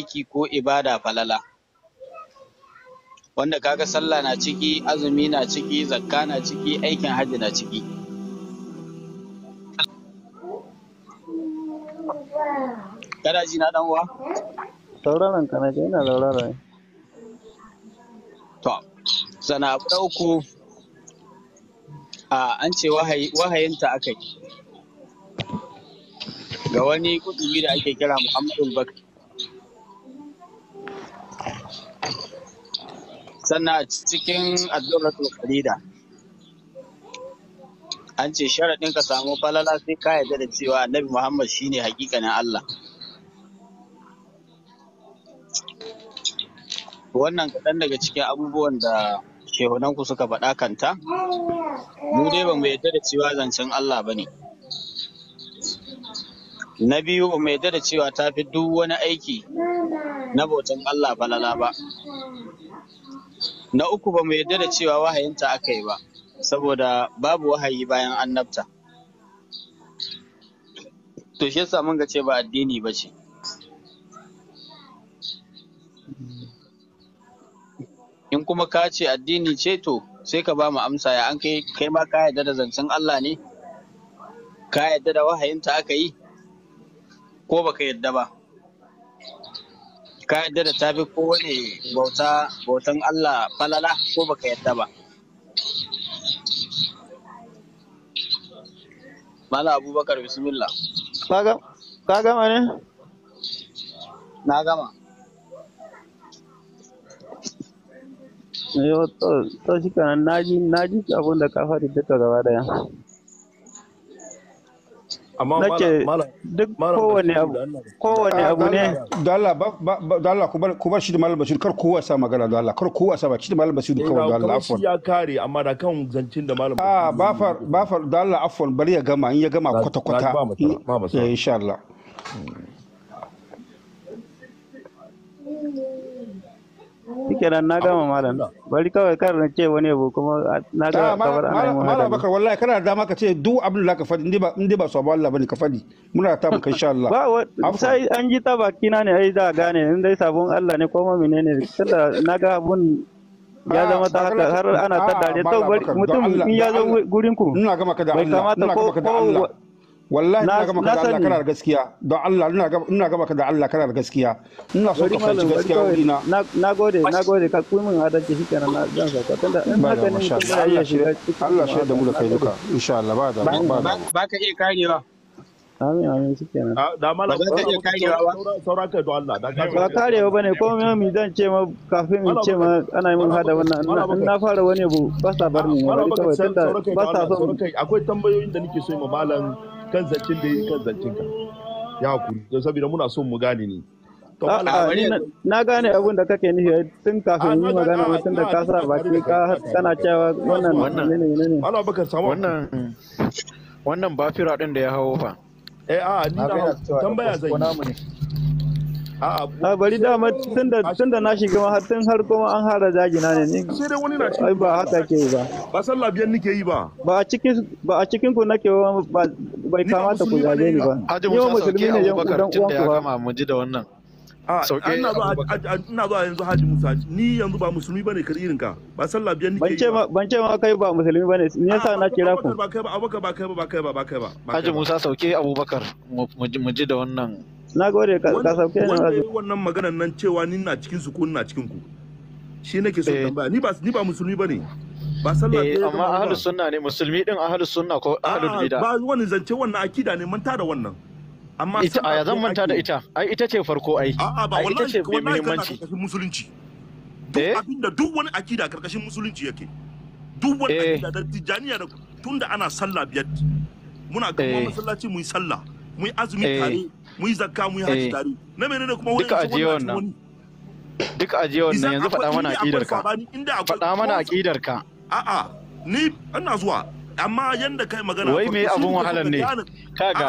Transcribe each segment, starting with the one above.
ciki ko ibada falala wanda kaga sallah na ciki azumi na ciki zakka na ciki aikin hajji na ciki kada ji na dan uwa sauraron ka na ji ina sauraron to sana dauku a an ce wahayinta aka yi ga wani kudumi da ake kira Muhammadu Bakar sannan a cikin addu'ar farida an ce sharaɗin ka samu falala sai ka yarda da cewa annabi muhammad shine hakikanin allah wannan kaɗan daga cikin abubuwan da shehunanku suka faɗa kanta mu dai ba mu yarda da cewa zancen allah ba ne na biyu ba mu yarda da cewa ta fi duk wani aiki na bautan allah falala ba Na uku ba mu yarda da cewa wahayinta aka yi ba, saboda babu wahayi bayan annabta. To shi yasa mun ga ce ba addini ba ce. In kuma ka ce addini ce to sai ka ba mu amsa ya an kai kai ma ka yarda da zancen Allah ne? Ka yarda da wahayinta aka yi? Ko baka yarda ba? ka yadda da tafi kowane bauta bautan Allah falala ko baka yadda ba Mala Abubakar bismillah ka gama ne na gama to shi kanan naji naji abin da ka faɗi duka gaba daya amma kowane abu kowane ah, abu ne dalla dalla ku bar shi da malam Basiru kar kowa sa magana da Allah kar kowa sa baki da malam basiru eh, kawai da Allah afwan ya kare amma da kan zancin da malam ah bafar bafar da Allah afwan bari ya gama in ya gama kwata kwata eh, insha Allah hmm. shikenan na gama malam bari kawai kar na ce wani abu kuma ah, na ga kabar an yi malam bakar wallahi kana da dama ka ce duk abin da ka faɗi in ba in ba sabo Allah bane ka faɗi muna ta muka insha Allah ba sai an ji ta baki na ne ai da gane in dai sabon Allah ne ko ma menene tunda na ga abun ya ah, zama ta haka har ana ta ah, dare to mutum in ya zo gurin ku Ina Ina gama gama ka da Allah. ka da Allah. wallahi ina gama ka da Allah kana da gaskiya don Allah ina gama ina gama ka da Allah kana da gaskiya ina so ka fahimci gaskiya wuri na na gode na gode ka ku mun adalci shikenan na zan sauka tunda in haka ne Allah Allah shi da mu da kai duka insha Allah ba da ba da ba ka iya karewa amin amin shi kenan ah, da malam ba ka iya karewa ba saura kai don Allah da ka karewa bane ko me mi zan ce ma kafin in ce ma ana mun hada wannan in na fara wani bu ba sa bar ni wani kawai ba sa son akwai tambayoyin da nake so ma malam kan zancen da yi kan zancen ka ya kuri don saboda muna son mu gane ne na gane abin da kake nufi tun kafin yi magana ma tun da ka sa baki ka kana cewa wannan ne ne ne Allah baka samu wannan wannan bafira din da ya hawo fa eh a ni na tambaya zai a bari dama tun da na shiga ma har tun har kuma an hara jagina ne ni sai dai wani na cikin ba haka ke yi ba ba san labiyan nike yi ba ba a cikin ba a cikin ku nake ba bai kamata ku zage ni ba haji musa sauke abubakar tunda ya gama mu ji da wannan sauke ina zuwa yanzu haji musa ni yanzu ba musulmi bane kar irin ka ba san labiyan nike yi ba ban ce ma kai ba musulmi bane ne yasa na kira ku ba kai ba abubakar ba kai ba ba kai ba ba kai ba haji musa sauke abubakar mu ji da wannan na gode ka sauke ne wazi wannan maganan nan cewa ni na cikin su ko na cikin ku shi nake so eh. tambaya ba ni ba musulmi bane ba sallah ne eh, amma ahlus sunna ne musulmi din ahlus sunna ko ahlul bid'a ba wani zance wannan akida ne manta da wannan amma ita a zan manta da ita ai ita ce farko ai a'a ita ce muhimmanci musulunci duk eh? abinda yake duk ana sallah biyar muna kawo masallaci mu sallah mu azumi tare mu yi zakka mu yi haji eh. tare na menene kuma wani duka aje wannan duka aje wannan yanzu faɗa mana aqidar ka faɗa mana aqidar ka a'a ni ina zuwa amma yanda kai magana wai me abun wahalar ne kaga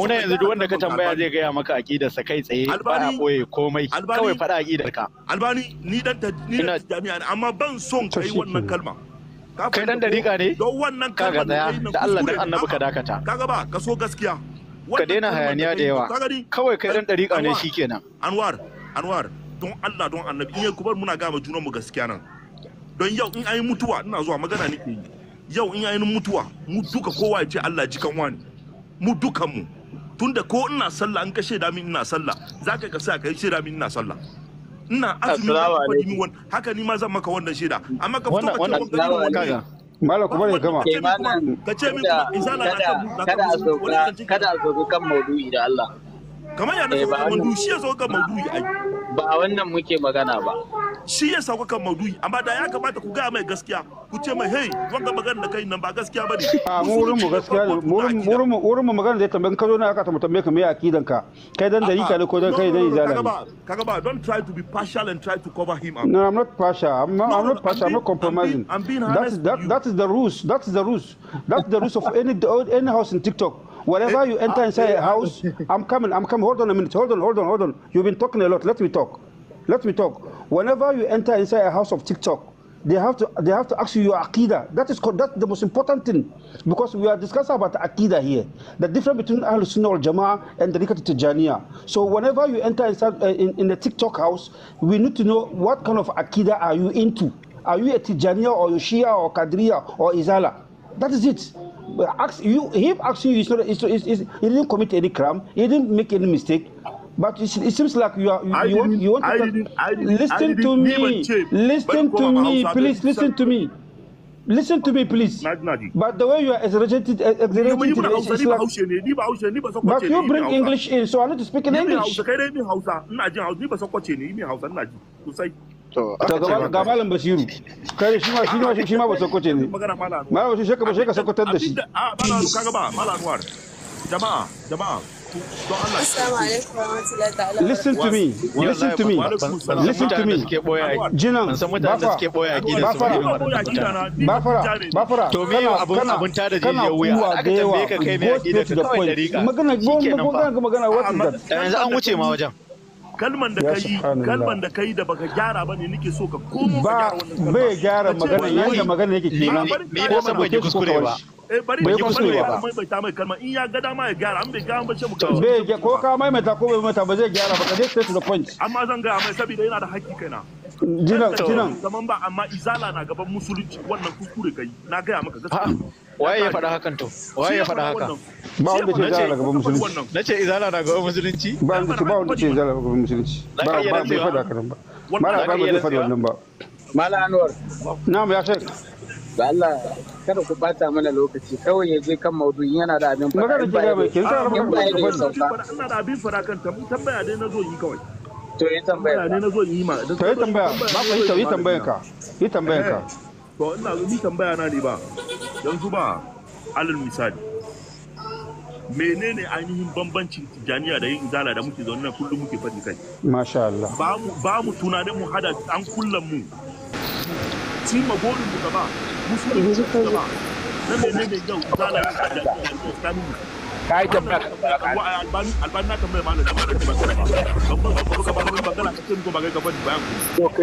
muna yanzu duk wanda ka tambaya zai gaya maka aqidar sa kai tsaye ba a koye komai kawai faɗa aqidar ka albani ni dan ni dan jami'a amma ban son kai wannan kalma kai dan dariƙa ne don wannan kalma da Allah dan annabi ka dakata kaga ba ka so gaskiya ka daina hayaniya da yawa kawai kai dan dariƙa ne shikenan anwar anwar don Allah don annabi in ku bar muna gama junan mu gaskiya nan don yau in ayi mutuwa ina zuwa magana nake yi yau in ayi mutuwa mu duka kowa ya ce Allah jikan wani mu dukan mu tunda ko ina sallah an ka shaida min ina sallah zaka ka sa kai shaida min ina sallah ina azumi haka ni ma zan maka wannan shaida amma ka fito ka ce wannan Malam kuma ne gama. Ka ce min izala na kada a sauka kada a sauka kan maudu'i da Allah. Kamar ya nufi maudu'i shi ya sauka maudu'i ai. Ba a wannan muke magana ba. shi ya sauka kan maudu'i amma da ya kamata ku ga mai gaskiya ku ce mai hey wanga magana da kai nan ba gaskiya bane ah, a mu wurin mu gaskiya wurin mu wurin mu magana da tambayan ka zo na aka tambaye ka me akidan ka kai dan dari ka ne ko dan kai dai zalala kaga ba kaga ba don't try to be partial and try to cover him up no i'm not partial i'm not, i'm not partial i'm not compromising I'm being, I'm being that's that, that is the rules that is the rules that is the rules of any any house in tiktok Whatever eh, you enter ah, inside a eh, house, ah, eh. I'm coming, I'm coming. Hold on a minute, hold on, hold on, hold on. You've been talking a lot. Let me talk. Let me talk. Whenever you enter inside a house of TikTok, they have to they have to ask you your akida. That is that's the most important thing because we are discussing about akida here. The difference between Ahl Sunnah al Jama'ah and the Rikat Tijaniya. So whenever you enter inside, uh, in, in the TikTok house, we need to know what kind of akida are you into. Are you a Tijaniya or Shia or Kadriya or Izala? That is it. Ask, you, him asking you, he's not, he didn't commit any crime. He didn't make any mistake. But it, seems like you are. You, I you want, you want I to did I listen did to me. listen to me, please. Listen to me. Listen to me, please. But the way you are exaggerating, uh, exaggerating is like, but you bring English in, so I need to speak in English. to ah, jama'a jama'a Listen to me. Listen to me. Listen to me. Jinan, bafara, bafara, To me abun abun tada jirgin wuya. Aka tambaye ka kai me mai aƙida ka kawai dariƙa. Magana, magana, magana, magana, Yanzu an wuce ma wajen. kalman da kai kalman da kai da baka gyara bane nake so ka komo ka gyara wannan kalma. Ba bai gyara magana yanda magana yake kenan. Me yasa saboda kuskure ba? Eh, bari bai kuskure ba mai baita mai kalma in ya ga dama ya gyara an bai ba ce bai ga ko ka maimaita ko bai ba zai gyara ba ka straight to the point amma zan ga mai saboda yana da haƙƙi kaina jinan jinan zaman ba amma izala na gaban musulunci wannan kuskure kai na ga maka gaskiya waye ya faɗa hakan to waye ya faɗa haka ba wanda ce izala gaban musulunci nace izala na gaban musulunci ba wanda ce ba wanda ce izala gaban musulunci ba ba bai faɗa hakan ba mala ba bai faɗa wannan ba mala anwar mu ya shek da Allah kada ku bata mana lokaci kawai ya je kan maudu'in yana da abin fara kan ba ya da sauka ina da abin fara kan tambaya dai nazo yi kawai to yi tambaya ne na yi ma to yi tambaya ba ku yi tambaya ka yi tambaya ka eh. to ina yi tambaya na ne ba yanzu ba alal misali menene ainihin bambancin tijaniya da yin zala da muke zaune kullum muke faɗi kai masha Allah ba mu tunanin mu hada an kullum mu cimma burin mu ko ba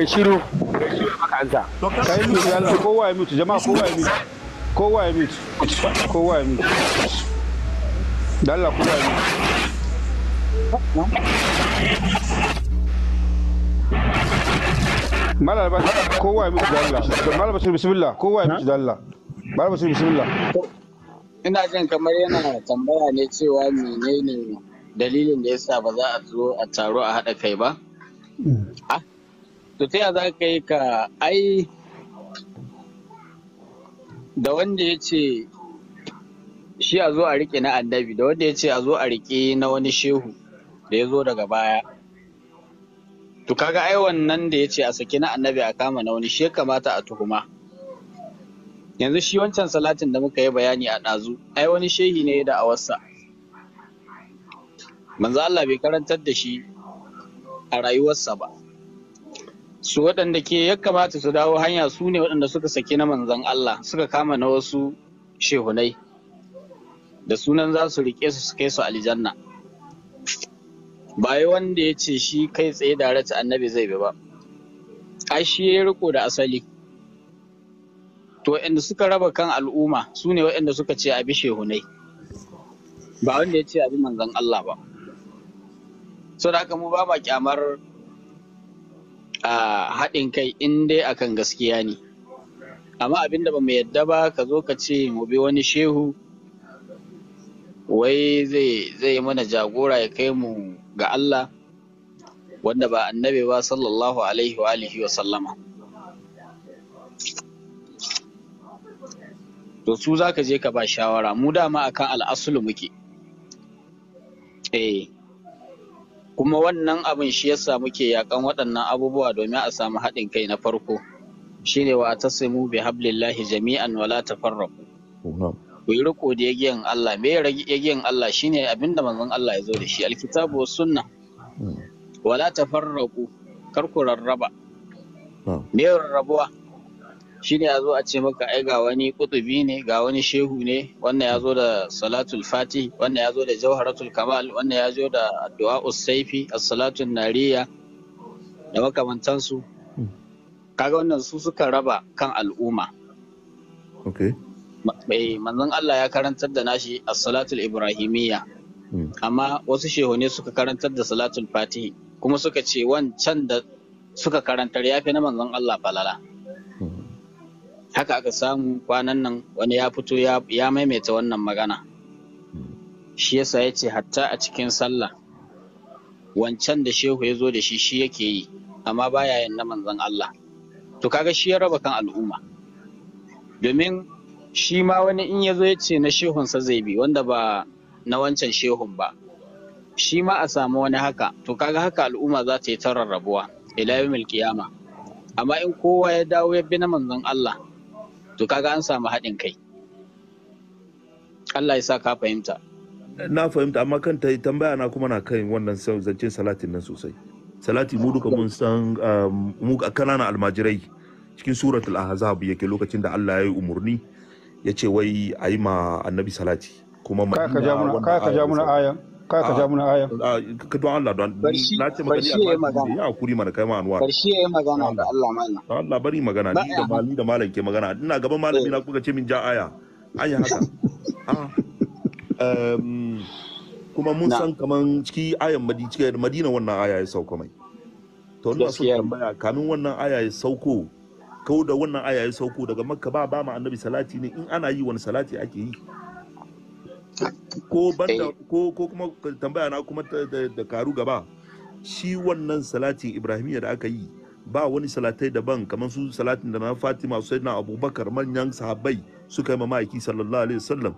shiru shiru ya mutu jama'a kowa ya ya mutu kowa ya mutu da ya mutu ba ina jin kamar yana tambaya ne cewa menene dalilin da yasa ba za a zo a taro a haɗa kai ba hmm. ah, to ta yaya za ka yi ka ai da wanda ya ce shi a zo a riƙe na annabi da wanda ya ce a zo a riƙe na wani shehu da ya zo daga baya To kaga ai wannan da ya ce a saki na annabi a kama na wani shi kamata a tuhuma. Yanzu shi wancan salatin da muka yi bayani a ɗazu, ai wani shehi ne da awarsa. Manzo Allah bai karantar da shi a rayuwarsa ba. Su waɗanda ke ya kamata su dawo hanya su ne waɗanda suka saki na manzan Allah suka kama na wasu shehunai da sunan za su riƙe su su kai su aljanna. ba wai wanda ya ce shi kai tsaye da rata annabi zai bi ba ai shi ya riko da asali to waɗanda suka raba kan al'umma su ne waɗanda suka ce abi shehunai ba wanda ya ce abi manzon Allah ba so da haka mu ba ma kyamar a haɗin kai in dai akan gaskiya ne amma abin da ba mu yadda ba ka zo ka ce mu bi wani shehu wai zai zai mana jagora ya kai mu ga Allah wanda ba annabi ba sallallahu alaihi wa alihi wa sallama to su za ka je ka ba shawara mu dama akan al'asulu muke eh kuma wannan abin shi yasa muke yakan waɗannan abubuwa domin a samu haɗin kai na farko shine wa tasimu bi hablillahi jami'an wala tafarraqu ku yi riko da yagiyan Allah me yagiyan Allah shine abinda manzon Allah ya zo da shi alkitabu was sunna wala tafarraqu kar ku rarraba me rarrabuwa shine a zo a ce maka ai ga wani kutubi ne ga wani shehu ne wannan ya zo da salatul fatih wannan ya zo da jawharatul kamal wannan ya zo da addu'a usaifi as-salatun nariya da makamantansu hmm. kaga wannan su suka raba kan al'umma okay. Eh, manzon Allah ya karantar da nashi a salatul ibrahimiyya hmm. amma wasu shehune suka karantar da salatul fatihi kuma suka ce wancan da suka karantar ya fi na manzon Allah falala hmm. haka aka samu kwanan nan wani ya fito ya maimaita wannan magana hmm. shi yasa ya ce hatta a cikin sallah wancan da shehu ya zo da shi shi yake yi amma baya yin na manzon Allah to kaga shi ya raba kan al'umma domin shi ma wani in ya zo ya ce na shehunsa zai bi wanda ba na wancan shehun ba shi ma a samu wani haka to kaga haka al'umma za ta yi ta rarrabuwa ila yawmil qiyama amma in kowa ya dawo ya bi na manzon Allah to kaga an samu haɗin kai Allah ya sa ka fahimta na fahimta amma kan ta tambaya na kuma na kan wannan zancen salatin nan sosai salati mu duka mun san ah, mu kanana almajirai cikin suratul ahzab yake lokacin da Allah ya yi umurni ya ce wai a yi ma annabi salati kuma ma ka ja muna ayan ka ka ja muna ah, ayan ah, ka don Allah don na ce magana ya magana ya hakuri mana kai ma anwar barshi ya magana da Allah mallam Allah bari magana ni da malami da malam ke magana ina gaban malami eh. na kuka ce min ja aya an yi haka ah. kuma mun san kaman ciki ayan madina wannan aya ya sauko mai to ina so tambaya kamin wannan aya ya sauko ko da wannan aya ya sauko daga makka ba ba ma annabi salati ne in ana yi wani salati ake yi ko banda eh. ko ko kuma tambaya na kuma da karu gaba shi wannan salatin ibrahimiyya da aka yi ba wani salatai daban kamar su salatin da na fatima su na abubakar manyan sahabbai suka yi mamaki sallallahu alaihi wasallam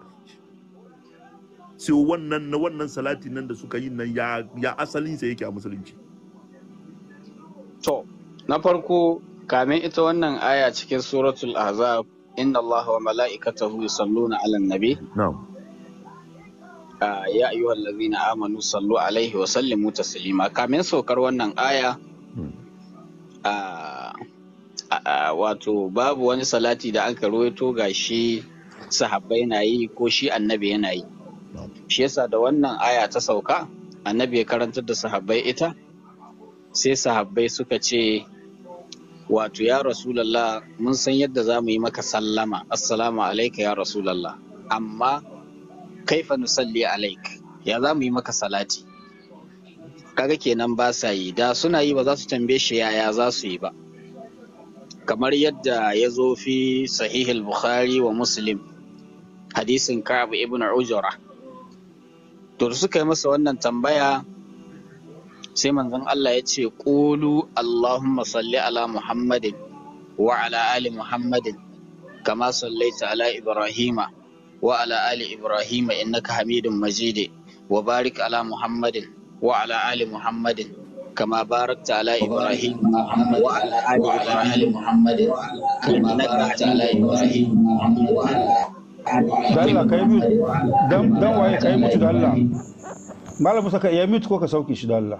sai wannan na wannan salatin nan da suka yi nan ya asalin sa yake a musulunci to na farko Kamin ita wannan aya cikin suratul azab inna Allah wa mala'ikatahu yusalluna 'alan nabi. Na'am. Ah, ya ayyuhal ladzina amanu sallu alaihi wa sallimu taslima. Kamin saukar wannan aya hmm. ah, ah, wato babu wani salati da aka ruwaito ga shi sahabbai na yi ko shi annabi yana yi. Shi yasa da wannan aya ta sauka annabi ya karantar da sahabbai ita sai sahabbai suka ce wato ya rasulallah mun san yadda za mu yi maka sallama assalamu alaika ya rasulallah amma kaifa nusalli alaik ya za mu yi maka salati kaga kenan ba sa yi da suna yi ba za su tambaye shi yaya za su yi ba kamar yadda ya zo fi sahihil bukhari wa muslim hadisin ka'ab ibn ujura to suka yi masa wannan tambaya sai manzon Allah ya ce ƙulu Allahumma salli ala Muhammadin wa ala ali Muhammadin kama sallaita ala Ibrahima wa ala ali Ibrahima innaka hamidun majid wa barik ala Muhammadin wa ala ali Muhammadin kama barakta ala Ibrahim wa ala ali Muhammadin kama barakta ala Ibrahim wa ala Dalla kai mutu, dan waye kai mutu da Allah. Malam Musa ka iya mutu ko ka sauke shi da Allah.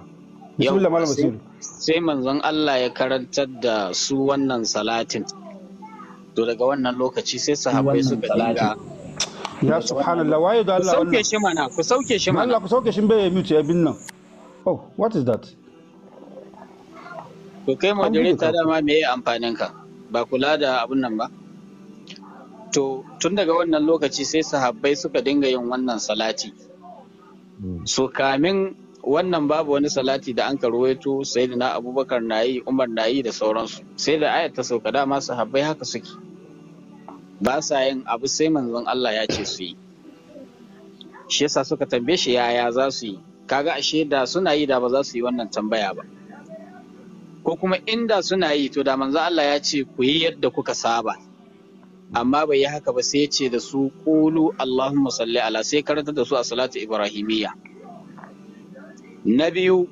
sai manzon Allah ya karantar da su wannan salatin to daga wannan lokaci sai sahabbai suka dinga ya subhanallah waye da Allah wannan sauke shi mana ku sauke shi mana Allah ku sauke shi bai mute ya bin nan oh what is that to kai moderator dama me ya amfanin ka ba kula da abun nan ba to tun daga wannan lokaci sai sahabbai suka dinga yin wannan salati hmm. so kamin wannan babu wani salati da an karwaito sai da na abubakar na yi umar na yi da sauransu sai da ayat ta sauka dama sahabbai haka suke ba sa yin abu sai manzon Allah ya ce su yi shi yasa suka tambaye shi yaya za su yi kaga ashe da suna yi da ba za su yi wannan tambaya ba ko kuma inda suna yi to da manzon Allah ya ce ku yi yadda kuka saba amma bai yi haka ba sai ya ce da su Kulu, Allahumma salli ala sai karanta da su a salatu ibrahimiyya na biyu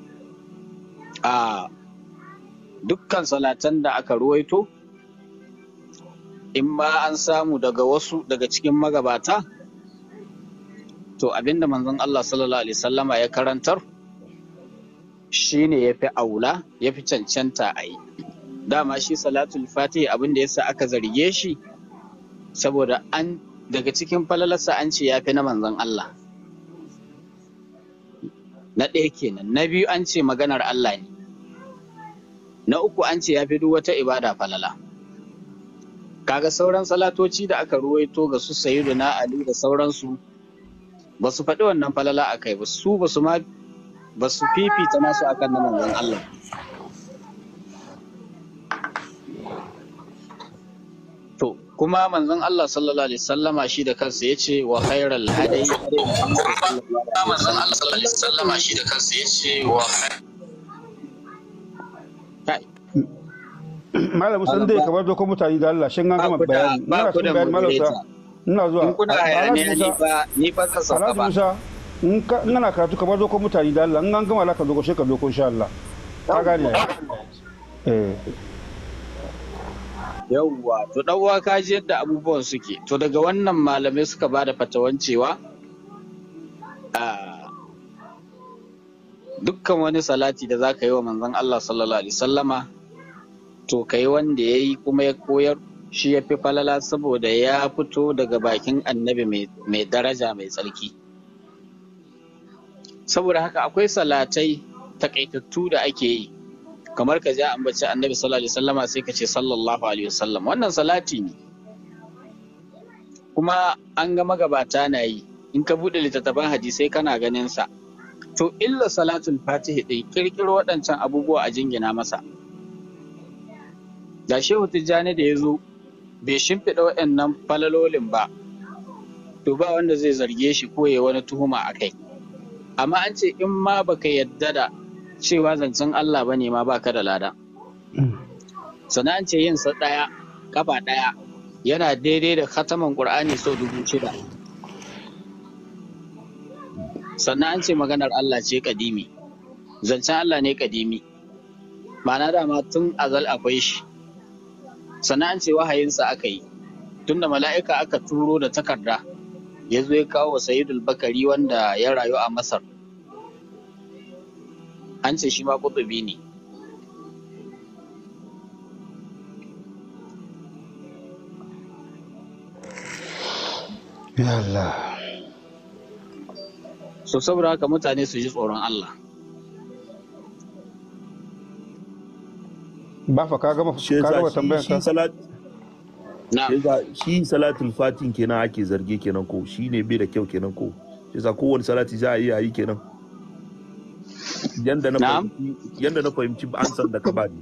a dukkan salatan da aka ruwaito in ma an samu daga wasu daga cikin magabata to abinda manzon Allah sallallahu alaihi sallama ya karantar shine ya fi aula ya fi cancanta a yi dama shi salatul fatih abinda yasa aka zarge shi saboda an daga cikin falalarsa an ce ya fi na manzon Allah na ɗaya kenan na biyu an ce maganar Allah ne na uku an ce ya fi duk wata ibada falala kaga sauran salatoci da aka ruwaito ga su na ali da sauransu ba su faɗi wannan falala a kai ba su ba su ma ba su fifita nasu akan na manzon Allah kuma manzon Allah sallallahu alaihi sallama shi da kansa ya ce wa khairal hadi kuma manzon Allah sallallahu alaihi sallama shi da kansa ya ce wa Malam sun dai kamar da kuma mutane da Allah shin an gama bayani ina son bayani malam sa ina zuwa kuna hayani ni fa ni fa sa ba in kana karatu kamar da kuma mutane da Allah in an gama la ka zo ko sai ka zo ko insha Allah ka gane eh Yawwa, to dan uwa ka ji yadda abubuwan suke. To daga wannan malamai suka ba da fatawan cewa dukkan wani salati da za ka yi wa manzon Allah sallallahu alaihi sallama to ka yi wanda ya yi kuma ya koyar shi ya fi falala saboda ya fito daga bakin annabi mai daraja mai tsarki. Saboda haka akwai salatai takaitattu da ake yi. kamar ka ji bace annabi sallallahu alaihi wasallama sai ka ce sallallahu alaihi wasallam wannan salati ne kuma an ga magabata na yi in ka bude littattafan hadisai kana ganin sa to illa salatul fatihi din kirkiro waɗancan abubuwa a jingina masa da shehu tijjani da ya zo bai shimfiɗa waɗannan falalolin ba to ba wanda zai zarge shi ko ya wani tuhuma a kai amma an ce in ma baka yadda da cewa zancen Allah bane ma baka da lada mm. sannan ce yin sa daya kafa daya yana daidai da khataman qur'ani sau dubu shida sannan an ce maganar Allah ce kadimi zancen Allah ne kadimi ma'ana dama tun azal akwai shi sannan an ce wahayinsa aka yi tunda mala'ika aka turo da takarda ya zo ya kawo wa sayidul bakari wanda ya rayu a masar An ce shi ma kutubi ne. Ya Allah. So saboda haka mutane su ji tsoron Allah. Ba fa ka gama tambayar ka. Shi salatul fatin kenan ake zarge kenan ko shi ne bai da kyau kenan ko. Shi sa kowane salati za a yi a yi kenan. yanda na fahimci ansar da ka bani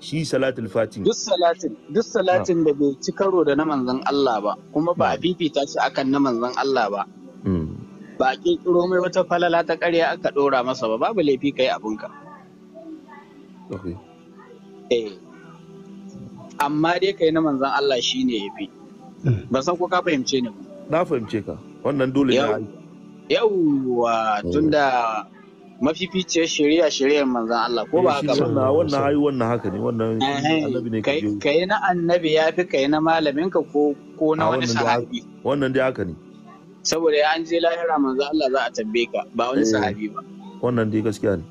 shi salatul fatin duk salatin duk salatin da bai ci karo da na manzon Allah ba kuma ba fifita shi akan na manzon Allah ba hmm. ba a tsoro mai wata falala ta ƙarya aka ɗora masa ba babu laifi kai abinka eh amma dai kai na manzon Allah shine yafi hmm. ba san ko ka fahimce ni na fahimce ka wannan dole ne yawwa tunda eh. mafificiyar shari'a shari'ar manzan Allah ko ba eh, haka ba wannan hayu wannan haka ne wannan eh, annabi ne kai na annabi ya fi kai na malamin ka ko ko na ah, wani sahabi wannan dai haka ne saboda ya an je lahira manzan Allah za a tambaye ka ba wani eh, sahabi ba wannan dai gaskiya ne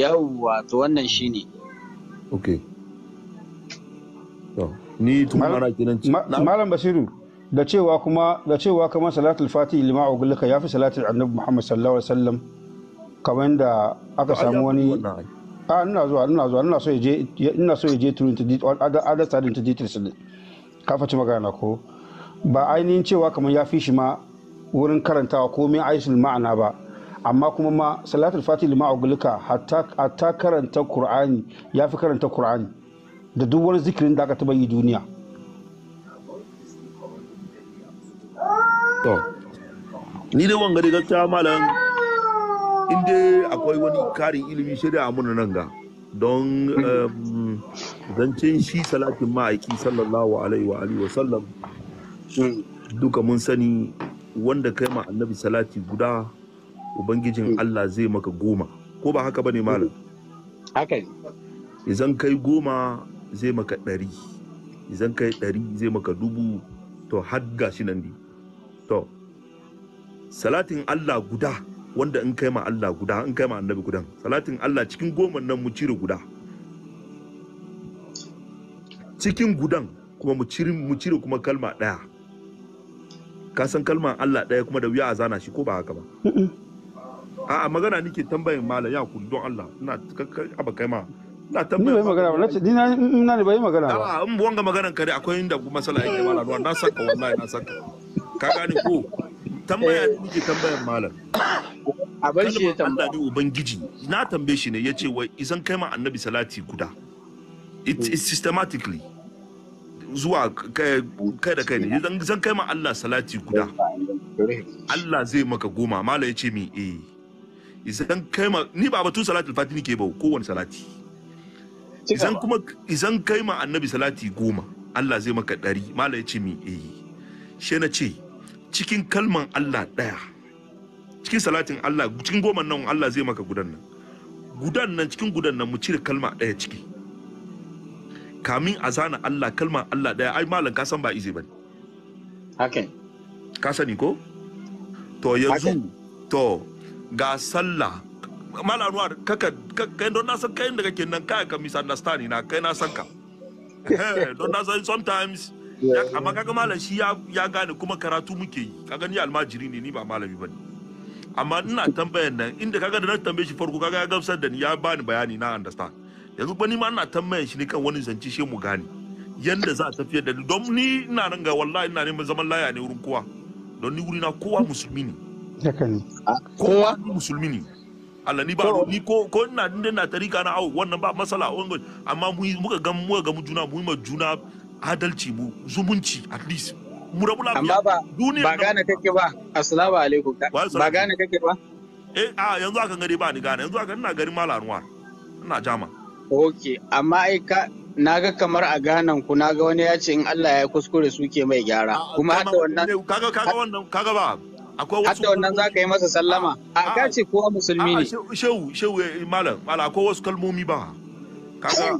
yawwa to wannan shine okay to ni tumara kenan malam basiru da cewa kuma da cewa kamar salatul fatih lima ugulka yafi salatul annabi muhammad sallallahu alaihi wasallam kamar da aka samu wani a ina zuwa ina zuwa ina so je ina so je through into other other side into details ka faci magana ko ba ainihin cewa kamar ya fi shi ma wurin karantawa ko min aishin ma'ana ba amma kuma ma salatul fatih lima ugulka hatta karanta qur'ani ya fi karanta qur'ani da duk wani zikirin da aka taba yi duniya ni da wanga da gaskiya malam inda akwai wani karin ilimi shari'a muna nan ga don zancen shi salatin ma'aiki sallallahu alaihi wa alihi sallam duka mun sani wanda kai ma annabi salati guda ubangijin hmm. Allah zai maka goma ko ba haka bane malam hmm. haka idan kai goma zai maka ɗari idan kai ɗari zai maka dubu to har shi nan ne to salatin Allah guda wanda in kai ma Allah guda in kai ma annabi gudan salatin Allah cikin goma nan mu cire guda cikin gudan kuma mu cire mu cire kuma kalma daya ka san kalman Allah daya kuma da wuya a zana shi ko ba haka ba a'a magana nake tambayin malam ya kun don Allah ina aba kai ma ina tambayin magana ba nace dina ina ne bai magana ba in wanga maganan kare akwai inda masala yake mala ruwan na saka wallahi na saka ka gane ko tambaya nake tambayin malam a bar shi ya tambaya Allah ubangiji na tambaye shi ne yace wai idan kai ma annabi salati guda it's systematically zuwa kai da kai ne zan kai ma Allah salati guda Allah zai maka goma mala ya ce min eh izan kai ma ni ba batun salatul fati nike ba kowane salati izan kuma izan kai ma annabi salati goma Allah zai maka ɗari mala ya ce min eh she na ce cikin kalman Allah ɗaya cikin salatin Allah cikin goma nan Allah zai maka gudan nan gudan nan cikin gudan nan mu cire kalma ɗaya ciki kamin a zana Allah kalma Allah ɗaya ai malam ka san ba izi bane hakan ka sani ko to yanzu to ga sallah malam ruwa kaka kai don na san kai da kake nan kai ka misunderstand na kai na san ka don na san sometimes amma kaga malam shi ya gane kuma karatu muke yi ka gani almajiri ne ni ba malami bane amma ina tambayar nan inda kaga da na tambaye shi farko kaga ya gamsar da ni ya bani bayani na understand yanzu ba ni ma ina tambayar shi ne kan wani zance shi mu gani yanda za a tafiyar da ni don ni ina nan ga wallahi ina neman zaman laya ne wurin kowa don ni na kowa musulmi ne kowa musulmi ne Allah ni ba ni ko ko ina din na tarika na awo wannan ba masala amma muka ga muka ga juna mu ma juna adalci mu zumunci at least mu rabu lafiya duniya ba gane kake ba assalamu alaikum ba gane kake ba eh a yanzu akan gari ba ni gane yanzu akan ina garin mala anwar ina jama okay amma ai ka naga kamar a ganan ku naga wani ya ce in Allah ya kuskure suke mai gyara kuma hada wannan kaga kaga wannan kaga ba yi masa sallama a ka ce kowa musulmi ne shehu shehu eh, malam malam akwai wasu kalmomi ba kaga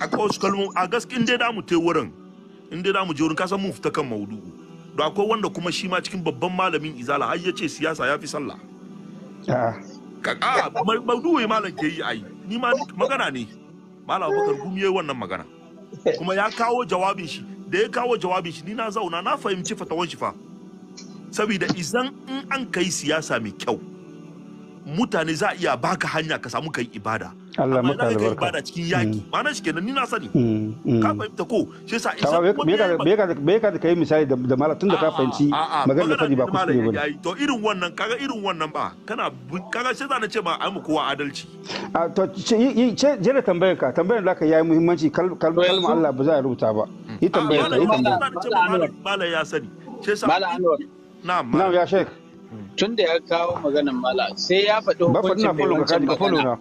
akwai wasu kalmomi a gaskin dai da mu te wurin in dai mu je wurin kasan mun fita kan maudu'u da akwai wanda kuma shi ma cikin babban malamin izala har ya ce siyasa ya fi sallah ah. ah, a maudu'u malam ke yi ai ni ma magana ne malam abubakar gumi yayi wannan magana kuma ya kawo jawabin shi da ya kawo jawabin shi ni na zauna na fahimci fatawan shi fa saboda idan in an kai siyasa mai kyau mutane za a iya baka hanya ka samu kai ibada Allah ka fahimta ko shi yasa ka me misali da mala tun da ka fahimci magana fadi ba ba kana kaga shi zan a to ce je da tambayar ka tambayar da ka muhimmanci kalma Allah ba za a rubuta ba yi tambayar yi tambayar mala ya sani ya shek tun da ya kawo maganin mala sai ya faɗi hukuncin mai wancan magana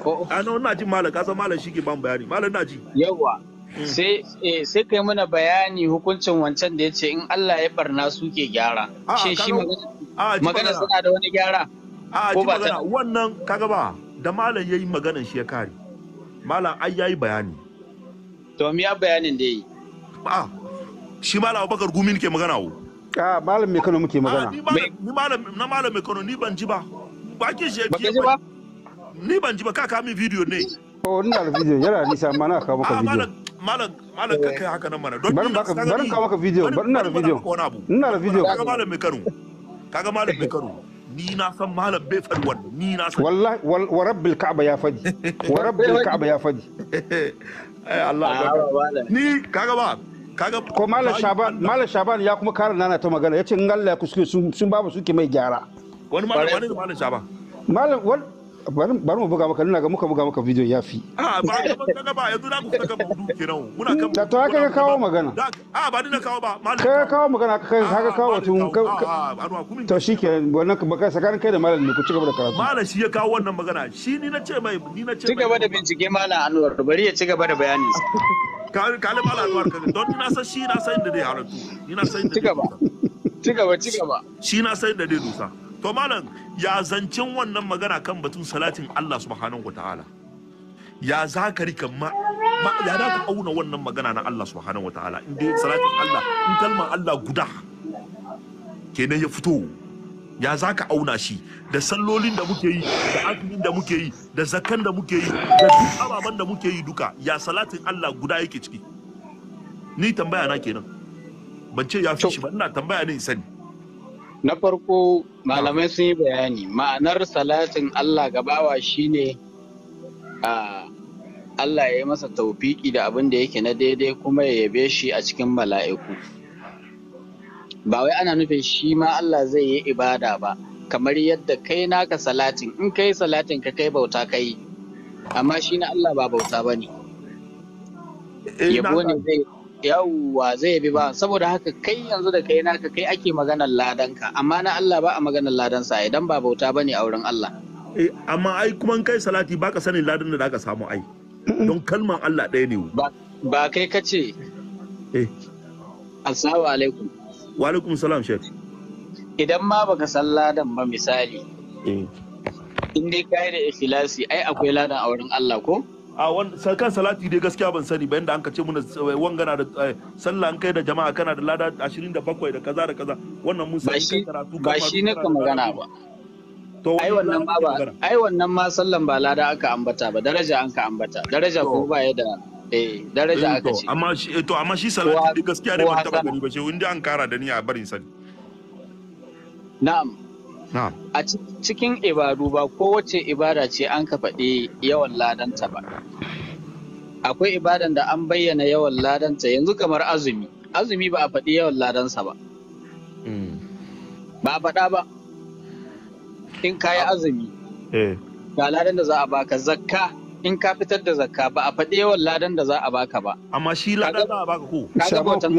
a ah, na ina jin malam ka san malam shi ke ban bayani malam na ji yawa hmm. sai eh, sai kai mana bayani hukuncin wancan da yace in Allah ya barna su ke gyara shin shi magana suna da wani gyara a ji magana wannan kaga ba da malam yayi maganan shi ya kare malam ai yayi bayani to me ya bayanin da yi a shi malam Abubakar Gumin ke magana wo a malam me Kano muke magana ni malam na malam me Kano ni ban ji ba ba ke shi ba ni ban ji ba ka kawo min video ne o oh, ina da video yana nisa mana na kawo maka ah, video malam malam ka kai haka nan mana don bari ka bari kawo maka video bari ina da video ina da video kaga malam mai karu kaga malam mai karu ni na san malam bai fadi wannan ni na san wallahi wa rabbil ka'ba ya fadi wa rabbil ka'ba ya fadi ai Allah ni kaga ba kaga ko malam shaban malam shaban ya kuma kare nana ta magana yace in Allah ya kuskure sun babu suke mai gyara wani malam wani malam shaban malam bari mu buga maka nuna ga muka buga maka bidiyon fi. a ba ga magana ba yanzu na ku ta gaba hudu kenan muna kan da to haka ka kawo magana a ba ni kawo ba malam ka kawo magana kai haka kawo ka. to shikenan wannan baka sakarin kai da malam ne ku ci gaba da karatu malam shi ya kawo wannan magana shi ni na ce mai ni na ce ci gaba da bincike malam Anwar bari ya ci gaba da bayani ka ka malam Anwar ka don ni na san shi na san inda dai halatu ni na san inda ci gaba ci gaba ci gaba shi na san inda dai dusa to malam ya zancen wannan magana kan batun salatin Allah subhanahu wa ta'ala ya za ka ma ya za ka auna wannan magana na Allah subhanahu wa ta'ala in salatin Allah in kalmar Allah guda kenan ya fito ya za ka auna shi da sallolin da muke yi da azumin da muke yi da zakkan da muke yi da duk ababen da muke yi duka ya salatin Allah guda yake ciki ni tambaya na kenan ban ce ya fi shi ba ina tambaya ne in sani Na farko malamai sun yi bayani ma'anar salatin Allah gabawa bawa shine a Allah ya yi masa taufiki da abin da yake na daidai kuma ya yabe shi a cikin mala'iku. Ba wai ana nufin shi ma Allah zai yi ibada ba, kamar yadda kai naka salatin in kai salatin ka kai bauta ka yi. amma shi na Allah ba bauta ba ne. Eh, Yabo ne zai yawwa zai bi ba saboda haka kai yanzu da kai naka kai ake maganar ladanka amma na Allah ba a maganar ladansa idan ba bauta bane a wurin Allah eh amma ai kuma kai salati baka sanin ladan da zaka samu ai don kalman Allah ɗaya ne ba kai kace eh assalamu alaikum wa alaikum salam shek idan ma baka san ladan ba misali eh in dai kai da ikhlasi ai akwai ladan a wurin Allah ko a kan salati dai gaskiya ban sani ba yanda an ka ce muna eh, wangana da eh, sallah an kai da jama'a kana da lada 27 da kaza da kaza wannan mun sani kan karatu ba shi ne ka magana ba to ai wannan ma ba ai wannan ma sallan ba lada aka ambata ba daraja an ka ambata daraja ko ba yadda eh daraja eh, aka ce amma shi to amma shi salati dai gaskiya ne ban taba gani ba shi wanda an kara da ni a barin sani na'am A cikin ibadu ba kowace ibada ce an ka faɗi yawan ladanta ba. Akwai ibadan da an bayyana yawan ladanta yanzu kamar azumi. Azumi ba a faɗi yawan ladansa ba. Mm. Ba a faɗa ba. In ka yi azumi. Eh. Ga ladan da za a baka zakka in ka fitar da zakka ba a faɗi yawan ladan da za a baka ba. Amma shi ladan za a baka ko? Ka ga bautan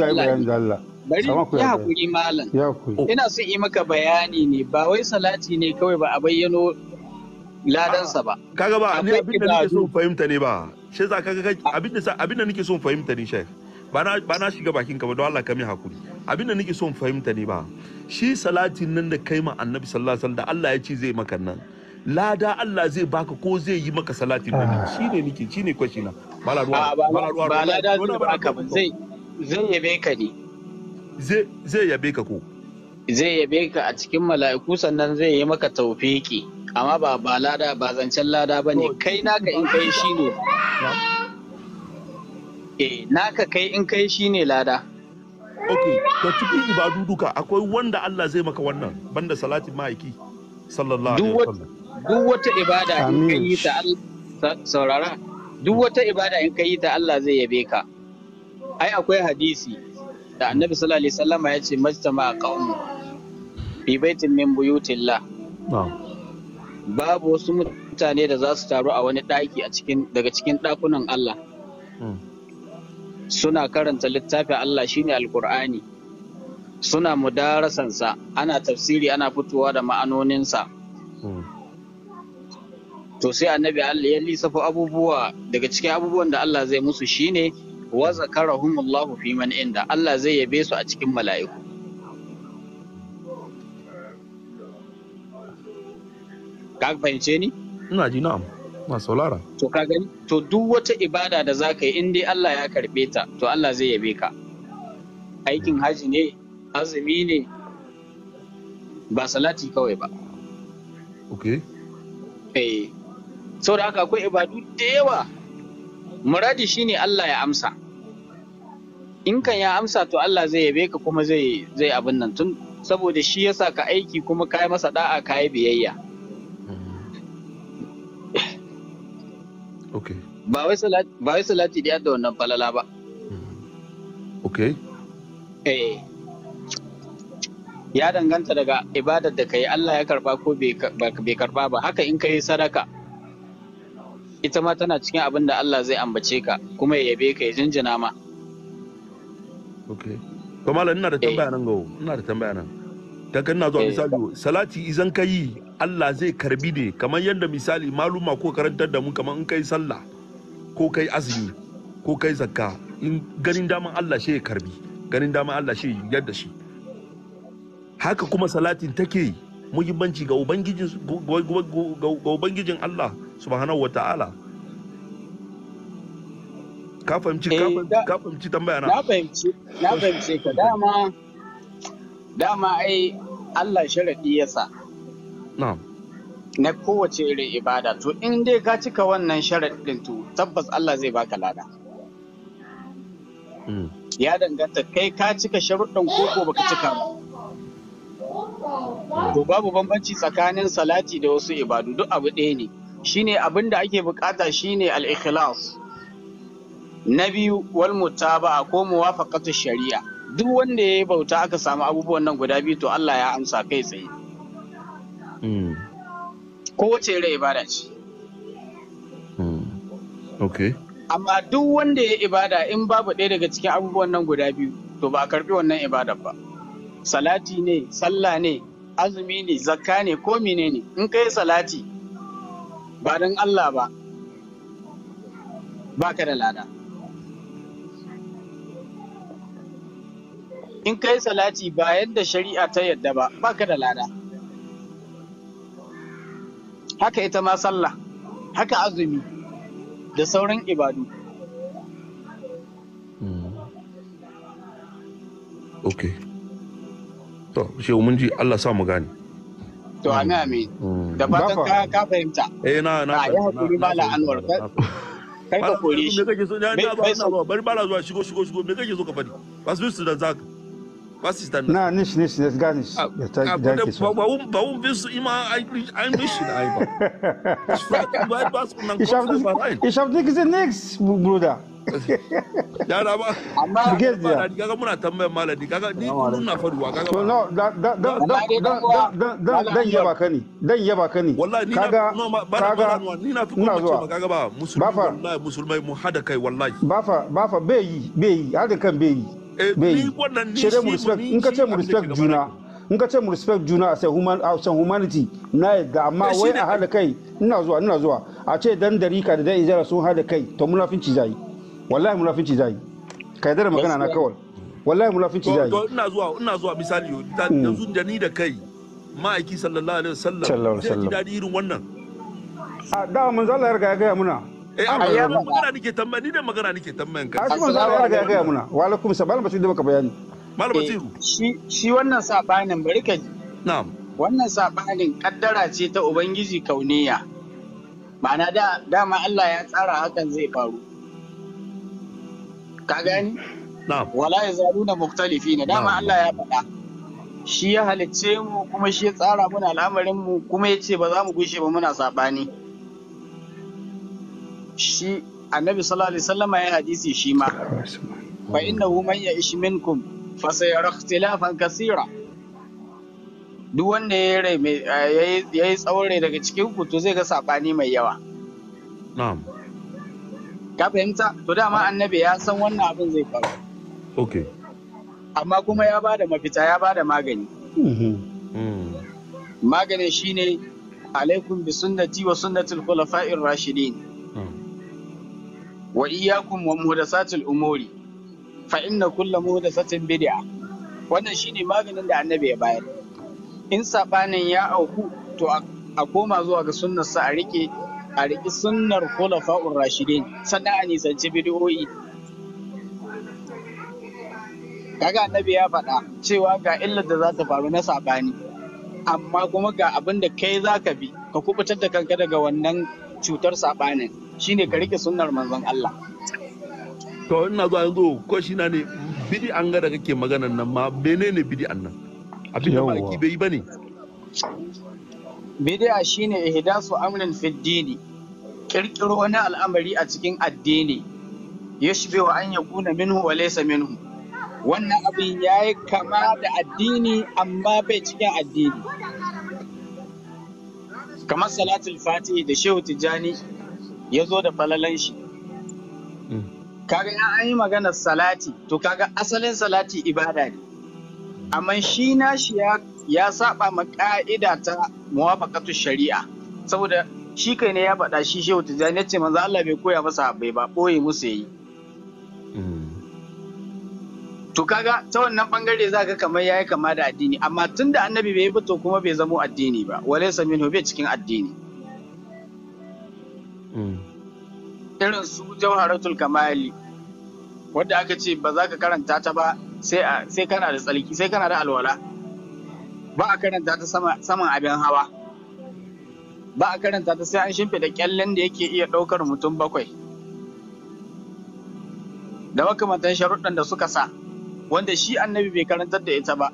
Allah. bari ya hakuri malam oh. ina son yi maka bayani ne ba wai salati ne kawai ba a bayyano ladansa ba ah, kaga ba ni abin da nake son fahimta ne ba shi za ka ga abin da abin da nake son fahimta ne shek ba na ba na shiga bakin ka ba don Allah ka mi hakuri abin da nake son fahimta ne ba shi salati nan da kai ma annabi sallallahu alaihi wasallam da Allah ya ce zai maka nan lada Allah zai baka ko zai yi maka salati nan ah. shine nake shine kwashina bala ruwa ah, la ruwa ba lada zai baka ba zai zai yabe ka ne zai yabe ka ko zai yabe ka a cikin mala'iku sannan zai yi maka taufiki amma ba ba lada ba zancen lada ba ne kai naka in kai shi ne eh naka kai in kai shi ne lada ok to cikin ibadu duka akwai wanda Allah zai maka wannan banda salatin ma'aiki sallallahu alaihi wasallam duk wata ibada in kai yi ta saurara duk wata ibada in kai yi ta Allah zai yabe ka ai akwai hadisi da annabi sallallahu alaihi ya ce majtama qaumu bi baitin min buyutillah babu wasu mutane da za su taru a wani ɗaki a cikin daga cikin ɗakunan Allah hmm. suna karanta littafin Allah shine alkur'ani suna mudarasansa ana tafsiri ana fitowa da ma'anoninsa hmm. to sai annabi Allah ya lissafa abubuwa daga cikin abubuwan da Allah zai musu shine wa zakarahumullahu fi man inda Allah zai yabe su a cikin mala'iku ka fahimce ni ina ji na'am ina Solara. to ka gani to duk wata ibada da zaka yi in dai Allah ya karbe ta to Allah zai yabe ka aikin haji ne azumi ne ba salati kawai ba okay eh saboda haka akwai ibadu da yawa muradi shine Allah ya amsa in kan ya amsa to Allah zai yabe ka kuma zai zai abin nan tun saboda shi yasa ka aiki kuma kai masa da'a kai biyayya okay ba wai salati ba wai salati da yadda wannan falala ba hmm. okay eh ya danganta daga ibadar da kai Allah ya karba ko bai karba ba haka in kai sadaka ita ma tana cikin abin da Allah zai ambace ka kuma ya yabe ka ya jinjina ma Ok, to malam ina da eh. tambaya nan gawo ina da tambaya nan ta kan ina zuwa eh. misali salati idan ka yi Allah zai karbi ne kamar yadda misali maluma ko karantar da mu kamar in kai sallah ko kai azumi ko kai zakka in ganin daman Allah shi ya karbi ganin daman Allah shi yadda shi haka kuma salatin take muhimmanci ga ubangijin ga ubangijin Allah subhanahu ta'ala ka fahimci eh, ka fahimci tambaya na na fahimci na fahimci ka dama dama ai Allah sharadi ya sa na'am na kowace irin ibada to in dai ka cika wannan sharadin to tabbas Allah zai baka lada hmm. ya danganta kai ka cika sharuɗin koko baka cika ba To babu bambanci tsakanin salati da wasu ibadu duk abu ɗaya ne. shine abin da ake bukata shine al-ikhlas na biyu wal mutaba ko muwafaqatu shari'a duk wanda ya yi bauta aka samu abubuwan nan guda biyu to Allah ya amsa kai tsaye hmm. wace rai ibada ce hmm. okay amma duk wanda ya ibada in babu ɗaya daga cikin abubuwan nan guda biyu to ba a karbi wannan ibadar ba salati ne sallah ne azumi ne zakka ne ko menene in kai salati ba don Allah ba ba ka da lada in kai salati ba yadda shari'a ta yadda ba ba ka da lada haka ita ma sallah haka azumi da sauran ibadu hmm. ok to shehu mun ji Allah sa mu gane to amin amin mm. da fatan ka ka fahimta eh na na ya hakuri mala anwar kai ka kore shi me kake so ya na ba zuwa bari bala zuwa shigo shigo shigo me kake so ka fadi ba su su da zaka was is dan na nish nish nish ganish nish ya ta ah, da ke so ba ba un bin su ima ai ai nish da ai ba ich habe ich gesehen nichts bruder yara ba amma ba da kaga muna tambayar malami kaga ni kun na kaga to no dan dan dan dan yaba kani dan yaba kani wallahi ni kaga kaga ni na fi kuma cewa kaga ba musulmi wallahi musulmai mu hada kai wallahi bafa bafa bai beyi. hada kan bai yi eh, bai mu respect in ka ce mu respect juna in ka ce mu respect juna a sai humanity na yadda amma eh, wai a hada kai ina zuwa ina zuwa a ce dan darika da dan izara sun hada kai to munafinci zai wallahi munafinci zai ka yarda da magana na kawai wallahi munafinci zai ina zuwa ina zuwa misali hmm. yanzu da ni da kai ma'aiki sallallahu alaihi wasallam alaihi wasallam dadi irin wannan a da manzo Allah ya riga ya gaya muna eh amma magana nake tambaya ni da magana nake tambayan kai a manzo Allah ya riga ya gaya muna wa alaikum salam bashi da maka bayani malam tiru eh, shi shi wannan sabanin bari ka na'am wannan sabanin kaddara ce ta ubangiji kauniya ma'ana da dama Allah ya tsara hakan zai faru ka gani wala ya zaru na muktalifi na dama Allah ya faɗa shi ya halicce mu kuma shi ya tsara muna al'amarin mu kuma ya ce ba za mu gushe ba muna saɓani shi annabi sallallahu alaihi wasallama ya hadisi shi ma fa innahu man ishi minkum fa sayara ikhtilafan kaseera duk wanda ya yi tsaure daga cikin ku to zai ga saɓani mai yawa na'am ka fahimta to dama annabi ya san wannan abin zai faru okay amma kuma ya bada mafita ya bada magani mhm. hmm. maganin shine alaikum bi sunnati wa sunnatil khulafa'ir rashidin hmm. wa iyyakum wa muhdathatil umuri fa inna kulla muhdathatin bid'a wannan shine maganin da annabi ya bayar in sabanin ya auku to a koma zuwa ga sunnar a rike a riƙi sunnar khulafa'ur rashidin sannan a nisanci bidiyoyi kaga annabi ya faɗa cewa ga illar da za ta faru na saɓani, amma kuma ga abin da kai za ka bi ka kubutar da kanka daga wannan cutar shi shine ka riƙe sunnar manzon Allah to ina zuwa yanzu ko shi na ne bidi an ga da kake maganan nan ma menene bidi nan abin da ba ki bai yi bane Bid'a shine ihdasu amrin fid dini kirkiro wani al'amari a cikin addini yashbihu an yakuna minhu wa laysa minhu wannan abin yayi kama da addini amma bai cikin addini kamar salatul fatihi da shehu tijjani ya zo da falalan shi mm. kaga an yi maganar salati to kaga asalin salati ibada ne amma shi na shi ya ya saba ma ka'ida ta muwafaqatu shari'a saboda shi kai ne ya faɗa shi shehu tijani ya ce manzo Allah bai koya masa bai ba boye musu yayi mm. to kaga ta wannan bangare za ka kamar yayi kama da addini amma tunda annabi bai fito kuma bai zamo addini ba walaysa minhu bai cikin addini mm. irin su jawharatul kamali wadda aka ce ba za ka karanta ta ba sai kana da tsalki sai kana da alwala ba a karanta ta saman abin hawa ba a karanta ta sai an shimfiɗa kyallen da yake iya ɗaukar mutum bakwai da makamantan sharuɗan da suka sa wanda shi annabi bai karantar da ita ba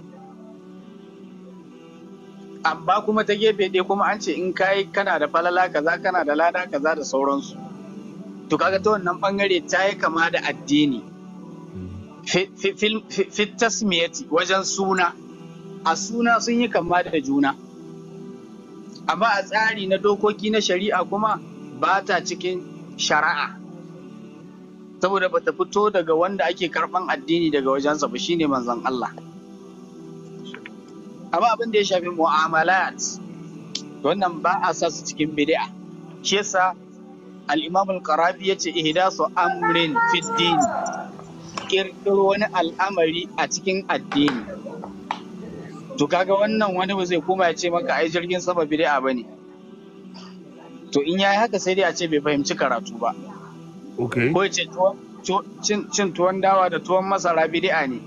amma kuma ta gefe ɗaya kuma an ce in kai kana da falala kaza kana da lada kaza da sauransu to kaga ta wannan bangare ta yi kama da addini fit tasmiyati wajen suna a suna sun yi kama da juna amma a tsari na dokoki na shari'a kuma ba ta cikin shari'a saboda ba ta fito daga wanda ake karɓan addini daga wajensa ba shine manzon Allah amma abin da ya shafi mu'amalat wannan ba a sa su cikin bid'a shi yasa al-imam al-qarabi yace ihdasu amrin fid din wani al'amari a cikin addini to kaga wannan wani ba zai koma ya ce maka ai jirgin sama ba bane to in yayi haka sai dai a ce bai fahimci karatu ba okay ko ya ce cin tuwon dawa da tuwon masara bid'a ne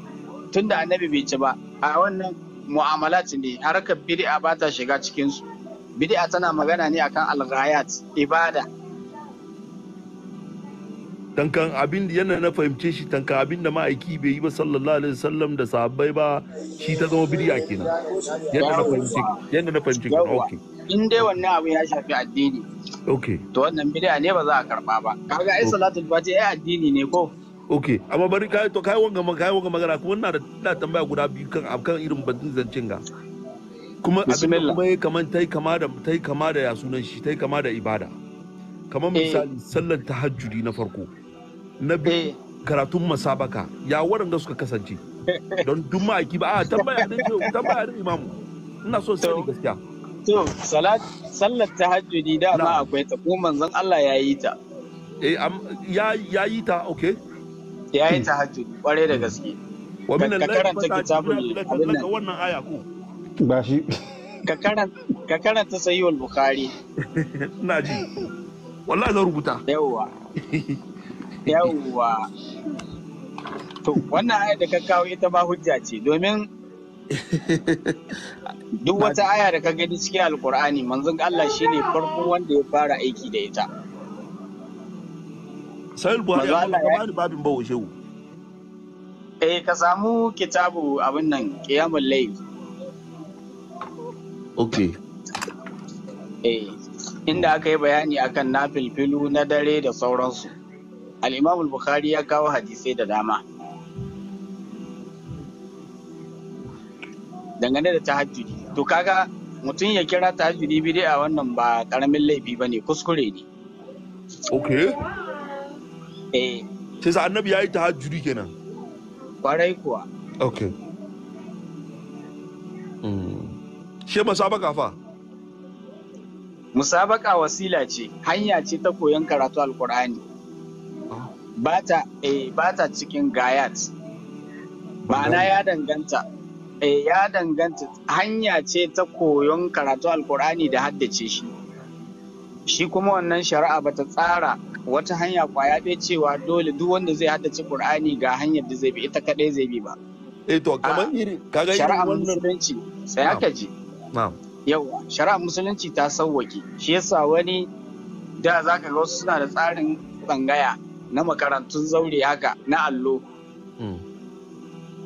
tunda annabi bai ci ba a wannan mu'amalat ne harkar bid'a ba ta shiga cikin su tana magana ne akan al ibada tankan abin da yana na fahimce shi tankan abin da ma'aiki bai yi ba sallallahu alaihi wasallam da sahabbai ba shi ta zama bidiya kenan yadda na fahimce yadda na fahimce kenan okay in dai wannan abu ya shafi addini okay to wannan bidiya ne ba za a karba ba kaga ai salatul fati ai addini ne ko okay amma bari kai to kai wanga ma kai wanga magana kuma ina da da tambaya guda biyu kan akan irin batun zancin ga kuma abin kuma yayi kaman tai kama da tai kama da ya sunan shi tai kama da ibada kamar eh. misali sallar tahajjudi na farko na biyu eh. karatun masabaka ya waɗanda suka kasance don duk ma'aiki ba a ah, tambaya din tambaya din imamu ina so sai gaskiya to salat sallar tahajjudi da ma akwai ta ko manzon Allah ya yi ta eh ya ya yi ta okay ya yi hmm. tahajjudi kware da hmm. gaske wa min al karanta kitabul abinda wannan aya ko ba shi ka karanta ka karanta sahihul bukhari ina ji wallahi zan rubuta yawa yawwa to wannan aya da ka kawo ita ma hujja ce domin duk wata aya da ka gani cikin alkur'ani manzon Allah shi ne farko wanda ya fara aiki da ita sayar buhari ya bani babin bawo shehu eh ka samu kitabu abin nan qiyamul layl okay eh inda aka yi bayani akan nafilfilu na dare da sauransu al Bukhari ya kawo hadisai da dama. Dangane da tahajjudi. To kaga mutum ya kira tahajjudi bid'a wannan ba karamin laifi bane kuskure ne. Okay. Eh. Sai sa annabi yi tahajjudi kenan. Kwarai kuwa. Okay. Hmm. shi She fa? Musabaka wasila ce, hanya ce ta koyon karatu Alkur'ani. ba ta eh, cikin gayat ma'ana ya danganta eh ya danganta hanya ce ta koyon karatu alkur'ani da haddace shi shi kuma wannan shari'a ba ta tsara wata hanya kwaya ɗaya cewa dole duk wanda zai haddace qur'ani ga hanyar da zai bi ita kadai zai bi ba eh to kamar iri kaga shari'a musulunci sai aka ji na'am yawa shari'a musulunci ta sauwake shi yasa wani da zaka ga wasu suna da tsarin tsangaya na makarantun zaure haka na allo hmm.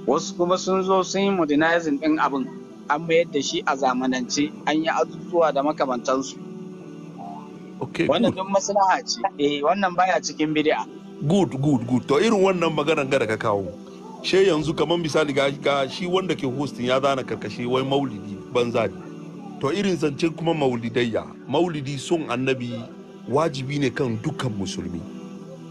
wasu kuma sun zo sun yi modernizing ɗin abin an mayar da shi a zamanance an yi azuzuwa da makamantansu wannan duk maslaha ce eh wannan baya cikin bidiya. good good good to irin wannan maganar ga ka kawo she yanzu kamar misali ga shi wanda ke hostin ya zana karkashi wai maulidi banza ne to irin zance kuma maulidayya maulidi sun annabi wajibi ne kan dukkan musulmi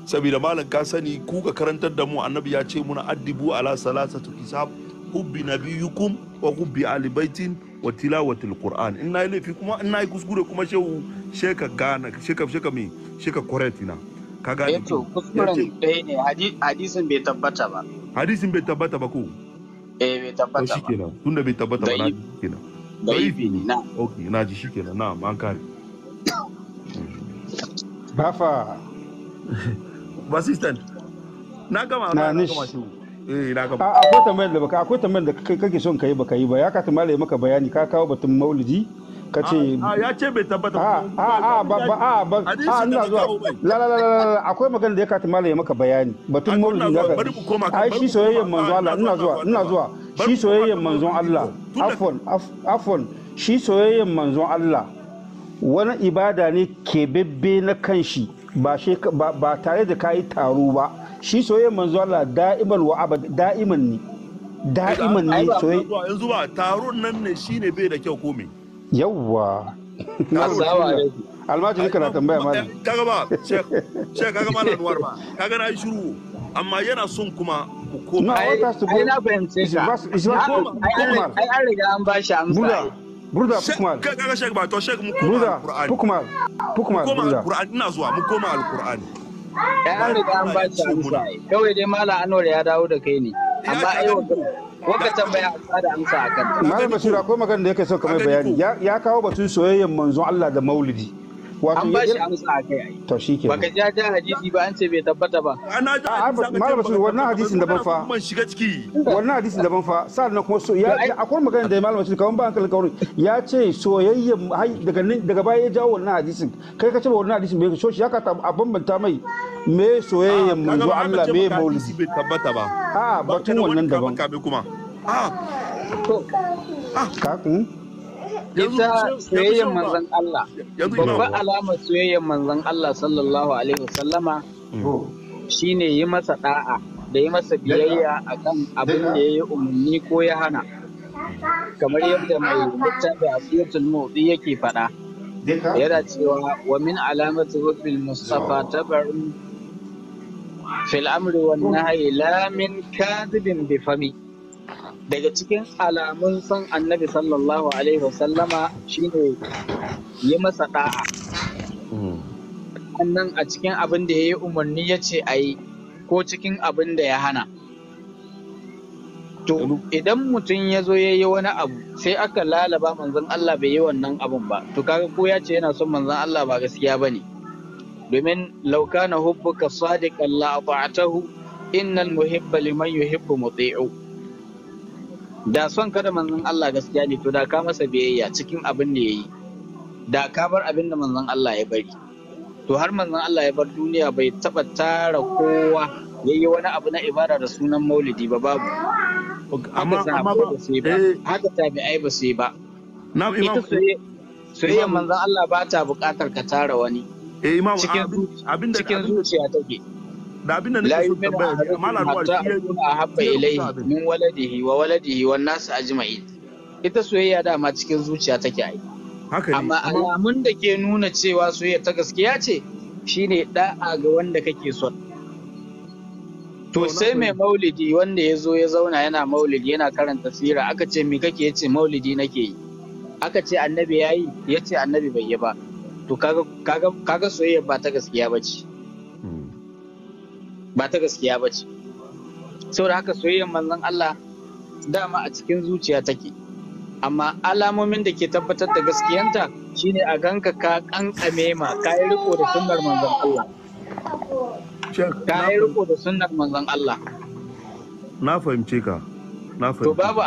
saboda malam ka sani ku ka karantar da mu annabi ya ce muna addibu ala salasatu hisab hubbi nabiyukum wa hubbi ali baitin wa tilawatil qur'an in nayi laifi kuma in nayi kuskure kuma shehu sheka gana sheka sheka me sheka koreti na ka gane eh to kuskuren dai ne hadisin bai tabbata ba hadisin bai tabbata ba ko eh bai tabbata ba shikenan tunda bai tabbata ba na kenan da'ifi ne na okay na ji shikenan na an kare bafa assistant na gama na gama shi eh na gama akwai tambayar da baka akwai tambayar da kake son kai baka yi ba ya ka tambaye maka bayani ka kawo batun maulidi ka ce ya ce bai tabbata a a ba ba a ba a ina zuwa la la la akwai magana da ya kata malai maka bayani batun maulidi da ka ai shi soyayyen manzon Allah ina zuwa ina zuwa shi soyayyen manzon Allah afon afon shi soyayyen manzon Allah wani ibada ne kebebbe na kanshi ba tare da kayi taro ba shi soyayyar manzo Allah da'iman wa abad da'iman ne da'iman ne soyayya yanzu ba taron nan ne shine bai da kyau komai yawwa almajiri kana tambaya malam kaga ba shek kaga malam nuwar ba kaga na yi shiru amma yana son kuma ko ai na fahimce ka ai an riga an bashi amsa Burda Pukmal. Kai kaga Sheikh Bato Sheikh mu koma Al-Qur'ani. Pukmal. Pukmal Koma Al-Qur'ani ina zuwa mu koma Al-Qur'ani. Eh an riga an ba shi amsa. Kawai dai Malam Anwar ya dawo da kai ne. Amma ai wanda tambaya a da amsa akan. Malam Bashir akwai magana da yake so kamar bayani. Ya kawo batun soyayyen manzon Allah da Maulidi. an ba shi amsa a kai ai to shike baka ji ta hadisi ba an ce bai tabbata ba ana ta malam rasul wannan hadisin daban fa man shiga ciki wannan hadisin daban fa sannan kuma so ya akwai magana da malam rasul kawai ba hankalin kawai ya ce soyayya daga daga baya ya jawo wannan hadisin kai ka ce ba wannan hadisin bai ka shoshi ya ka a bambanta mai me soyayya ah, manzo Allah me maulidi bai tabbata ba ah, a batun wannan daban ah. ka kuma a ka kun ita soyayyar manzon Allah babban alamar soyayyar manzon Allah sallallahu alaihi wasallama shine yi masa da'a da yi masa biyayya akan abin da ya yi umarni ko ya hana kamar yadda mai littafi a siyatul motsi yake faɗa yana cewa wa min alamati rufin mustafa tabarin fil amri wan nahyi la min kadibin bi fami daga cikin alamun son annabi sallallahu alaihi wasallama shine yi masa da'a wannan, hmm. a cikin abin da ya yi umarni ya ce a yi ko cikin abin da ya hana to idan mutum ya zo ya yi wani abu sai aka lalaba manzon Allah bai yi wannan abin ba to kaga ko ya ce yana son manzon Allah ba gaskiya bane domin laukana hubbuka sadiqan la ata'tahu innal muhibba liman yuhibbu muti'u da son kada manzon Allah gaskiya ne to da ka masa biyayya cikin abin da yayi da ka bar abin da manzon Allah ya bari to har manzon Allah ya bar duniya bai taba tara kowa yayi wani abu na ibada da sunan maulidi ba babu amma amma ba eh. haka tabi'ai ba sai yi ba na'am imam soyayyar manzon Allah ba ta bukatar ka tara wani eh imam abin da cikin zuciya take da abin da nake so tambaya ne amma yi shi ya habba ilaihi min waladihi wa waladihi wa nasu ajma'in ita soyayya dama cikin zuciya take ai amma alamun da ke nuna cewa soyayya ta gaskiya ce shine da'a ga wanda kake so to sai mai maulidi wanda ya zo ya zauna yana maulidi yana karanta sira aka ce me kake yace maulidi nake yi aka ce annabi yayi yace annabi bai yi ba to kaga kaga kaga soyayya ba ta gaskiya ba ce ba ta gaskiya ba ce saboda haka soyayyar manzon Allah dama a cikin zuciya take amma alamomin da ke tabbatar da gaskiyanta shine a ganka ka kankame ma ka yi riko da sunnar manzon Allah ka yi riko da sunnar manzon Allah na fahimce ka na fahimce to babu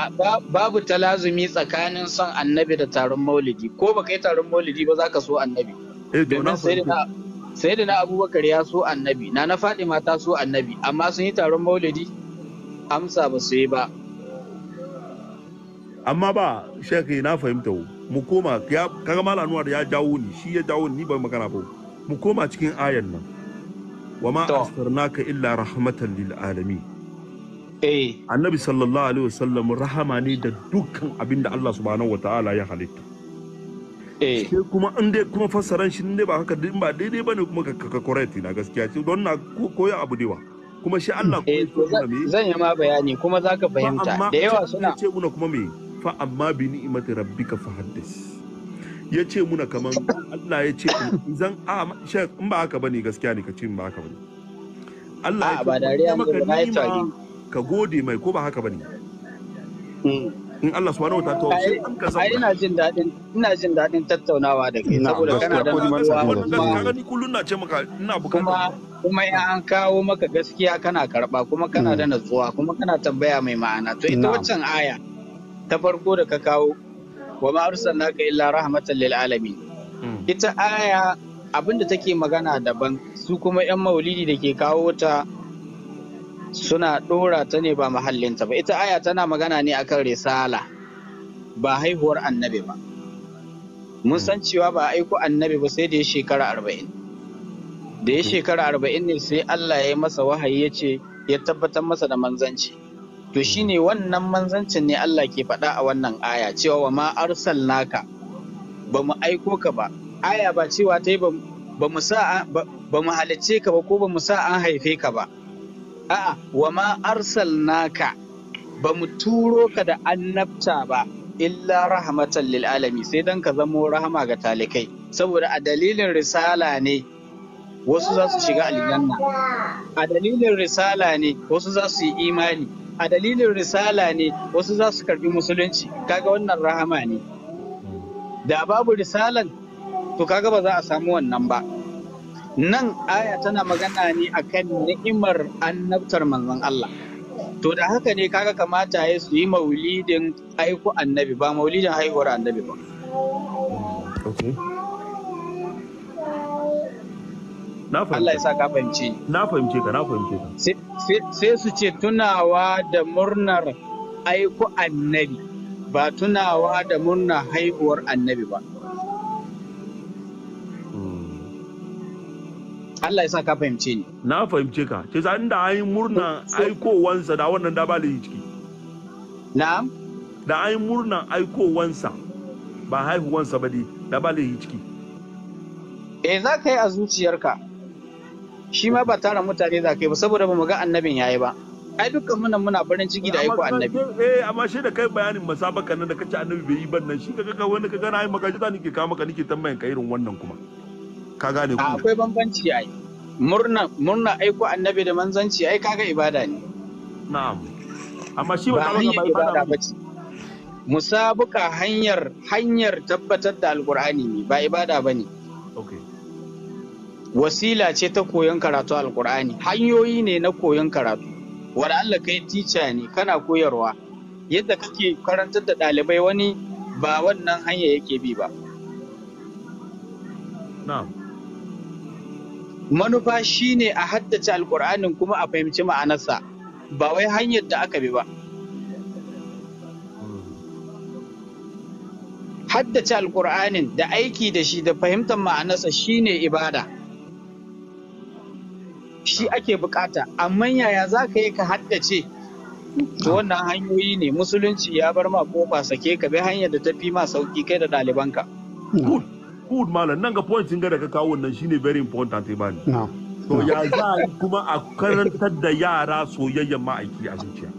babu talazumi tsakanin son annabi da taron maulidi ko baka yi taron maulidi ba zaka so annabi eh to na fahimce sai da na abubakar ya so annabi na na faɗi mata so annabi amma sun yi taron maulidi amsa ba su yi ba amma ba shekai na fahimta mu koma kaga malam anwar ya jawo ni shi ya jawo ni ba magana ba mu koma cikin ayan nan wa ma ka illa rahmatan lil alamin eh. annabi sallallahu alaihi wasallam rahama ne da dukkan abin da Allah subhanahu wataala ya halitta Eh. sai kuma in dai kuma fassaran shi ne ba haka din ba daidai bane kuma ka correct na gaskiya ce don na koyo abu dewa kuma shi Allah eh, ko zan yi ma bayani kuma zaka fahimta da yawa suna ce muna kuma me fa amma bi ni'imati rabbika fa haddis ya ce muna kaman Allah ya ce zan a in ba haka bane gaskiya ne ka ce in ba haka bane Allah ya ce dariya ni'ima ka gode mai ko ba haka bane hmm. in Allah subhanahu wataala to sai an ka zauna ina jin dadin ina jin dadin tattaunawa da kai saboda kana da kuma gani kullun na ce maka ina kuma ya an kawo maka gaskiya kana karba kuma kana hmm. da natsuwa kuma kana tambaya mai ma'ana to ita waccan aya ta farko da ka kawo wa ma arsalnaka illa rahmatan lil alamin hmm. ita aya abinda take magana daban su kuma yan maulidi da ke kawo ta suna ɗora ta ne ba mahallinta ba ita aya tana magana ne akan risala ba haihuwar annabi ba mun san cewa ba aiko annabi ba sai da ya shekara arba'in da ya shekara arba'in ne sai Allah ya yi masa wahayi ya ce ya tabbatar masa da manzanci to shine wannan manzancin ne Allah ke faɗa a wannan aya cewa wa ma naka. ba mu aiko ka ba aya ba cewa ta yi ba mu halicce ka ba ko ba mu sa an haife ka ba a'a wa ma arsalnaka ba mu turo ka da annabta ba illa rahmatan lil alami sai dan ka zamo rahama ga talikai saboda a dalilin risala ne wasu za su shiga aljanna a dalilin risala ne wasu za su yi imani a dalilin risala ne wasu za su karbi musulunci kaga wannan rahama ne da babu risalan to kaga ba za a samu wannan ba nan aya tana magana ne akan ni'imar annabtar manzon Allah to da haka ne kaga kamata ya su yi maulidin aiko annabi ba maulidin haihuwar annabi ba Allah ya sa ka fahimci na fahimce ka na fahimce ka sai su ce tunawa da murnar aiko annabi ba tunawa da murnar haihuwar annabi ba Allah ya sa ka fahimce ni na fahimce ka ce sa inda an yi murnan aikowansa da wannan da ba ciki na'am da an yi murnan aikowansa ba haihuwansa ba dai da ba ciki eh za ka yi a zuciyarka shi ma ba tara mutane za ka yi ba saboda ba mu ga annabin yayi ba ai dukkan muna muna farin ciki da aiko annabi eh amma shi da kai bayanin masabakan nan da kace annabi bai yi ban nan shi kaga wani kaga na yi maka shi ta nake ka maka nake tambayan ka irin wannan kuma ka gane ku akwai bambanci ai murna murna aiko annabi da manzanci ai kaga ibada ne na'am amma shi ba ba ibada ba ce musabuka hanyar hanyar tabbatar da alqur'ani ne ba ibada ba ne okay. wasila ce ta koyon karatu alqur'ani hanyoyi ne na koyon karatu wanda Allah kai tica ne kana koyarwa yadda kake karantar da ɗalibai wani ba wannan hanya yake bi ba na'am Manufa shi ne a haddace Alƙur'anin kuma a fahimci ma'anarsa, ba wai hanyar da aka bi ba. Haddace Alƙur'anin da aiki da shi da fahimtar ma'anarsa shi ibada. Shi ake bukata, amma yaya za ka yi ka haddace to wannan hanyoyi ne musulunci ya bar ma kofa sake ka bi hanyar da ta fi ma sauki kai da ɗalibanka. good malam nan ga point ga da ka kawo wannan shine very important bani to ya za yi kuma a karantar da yara soyayyen ma'aiki a zuciya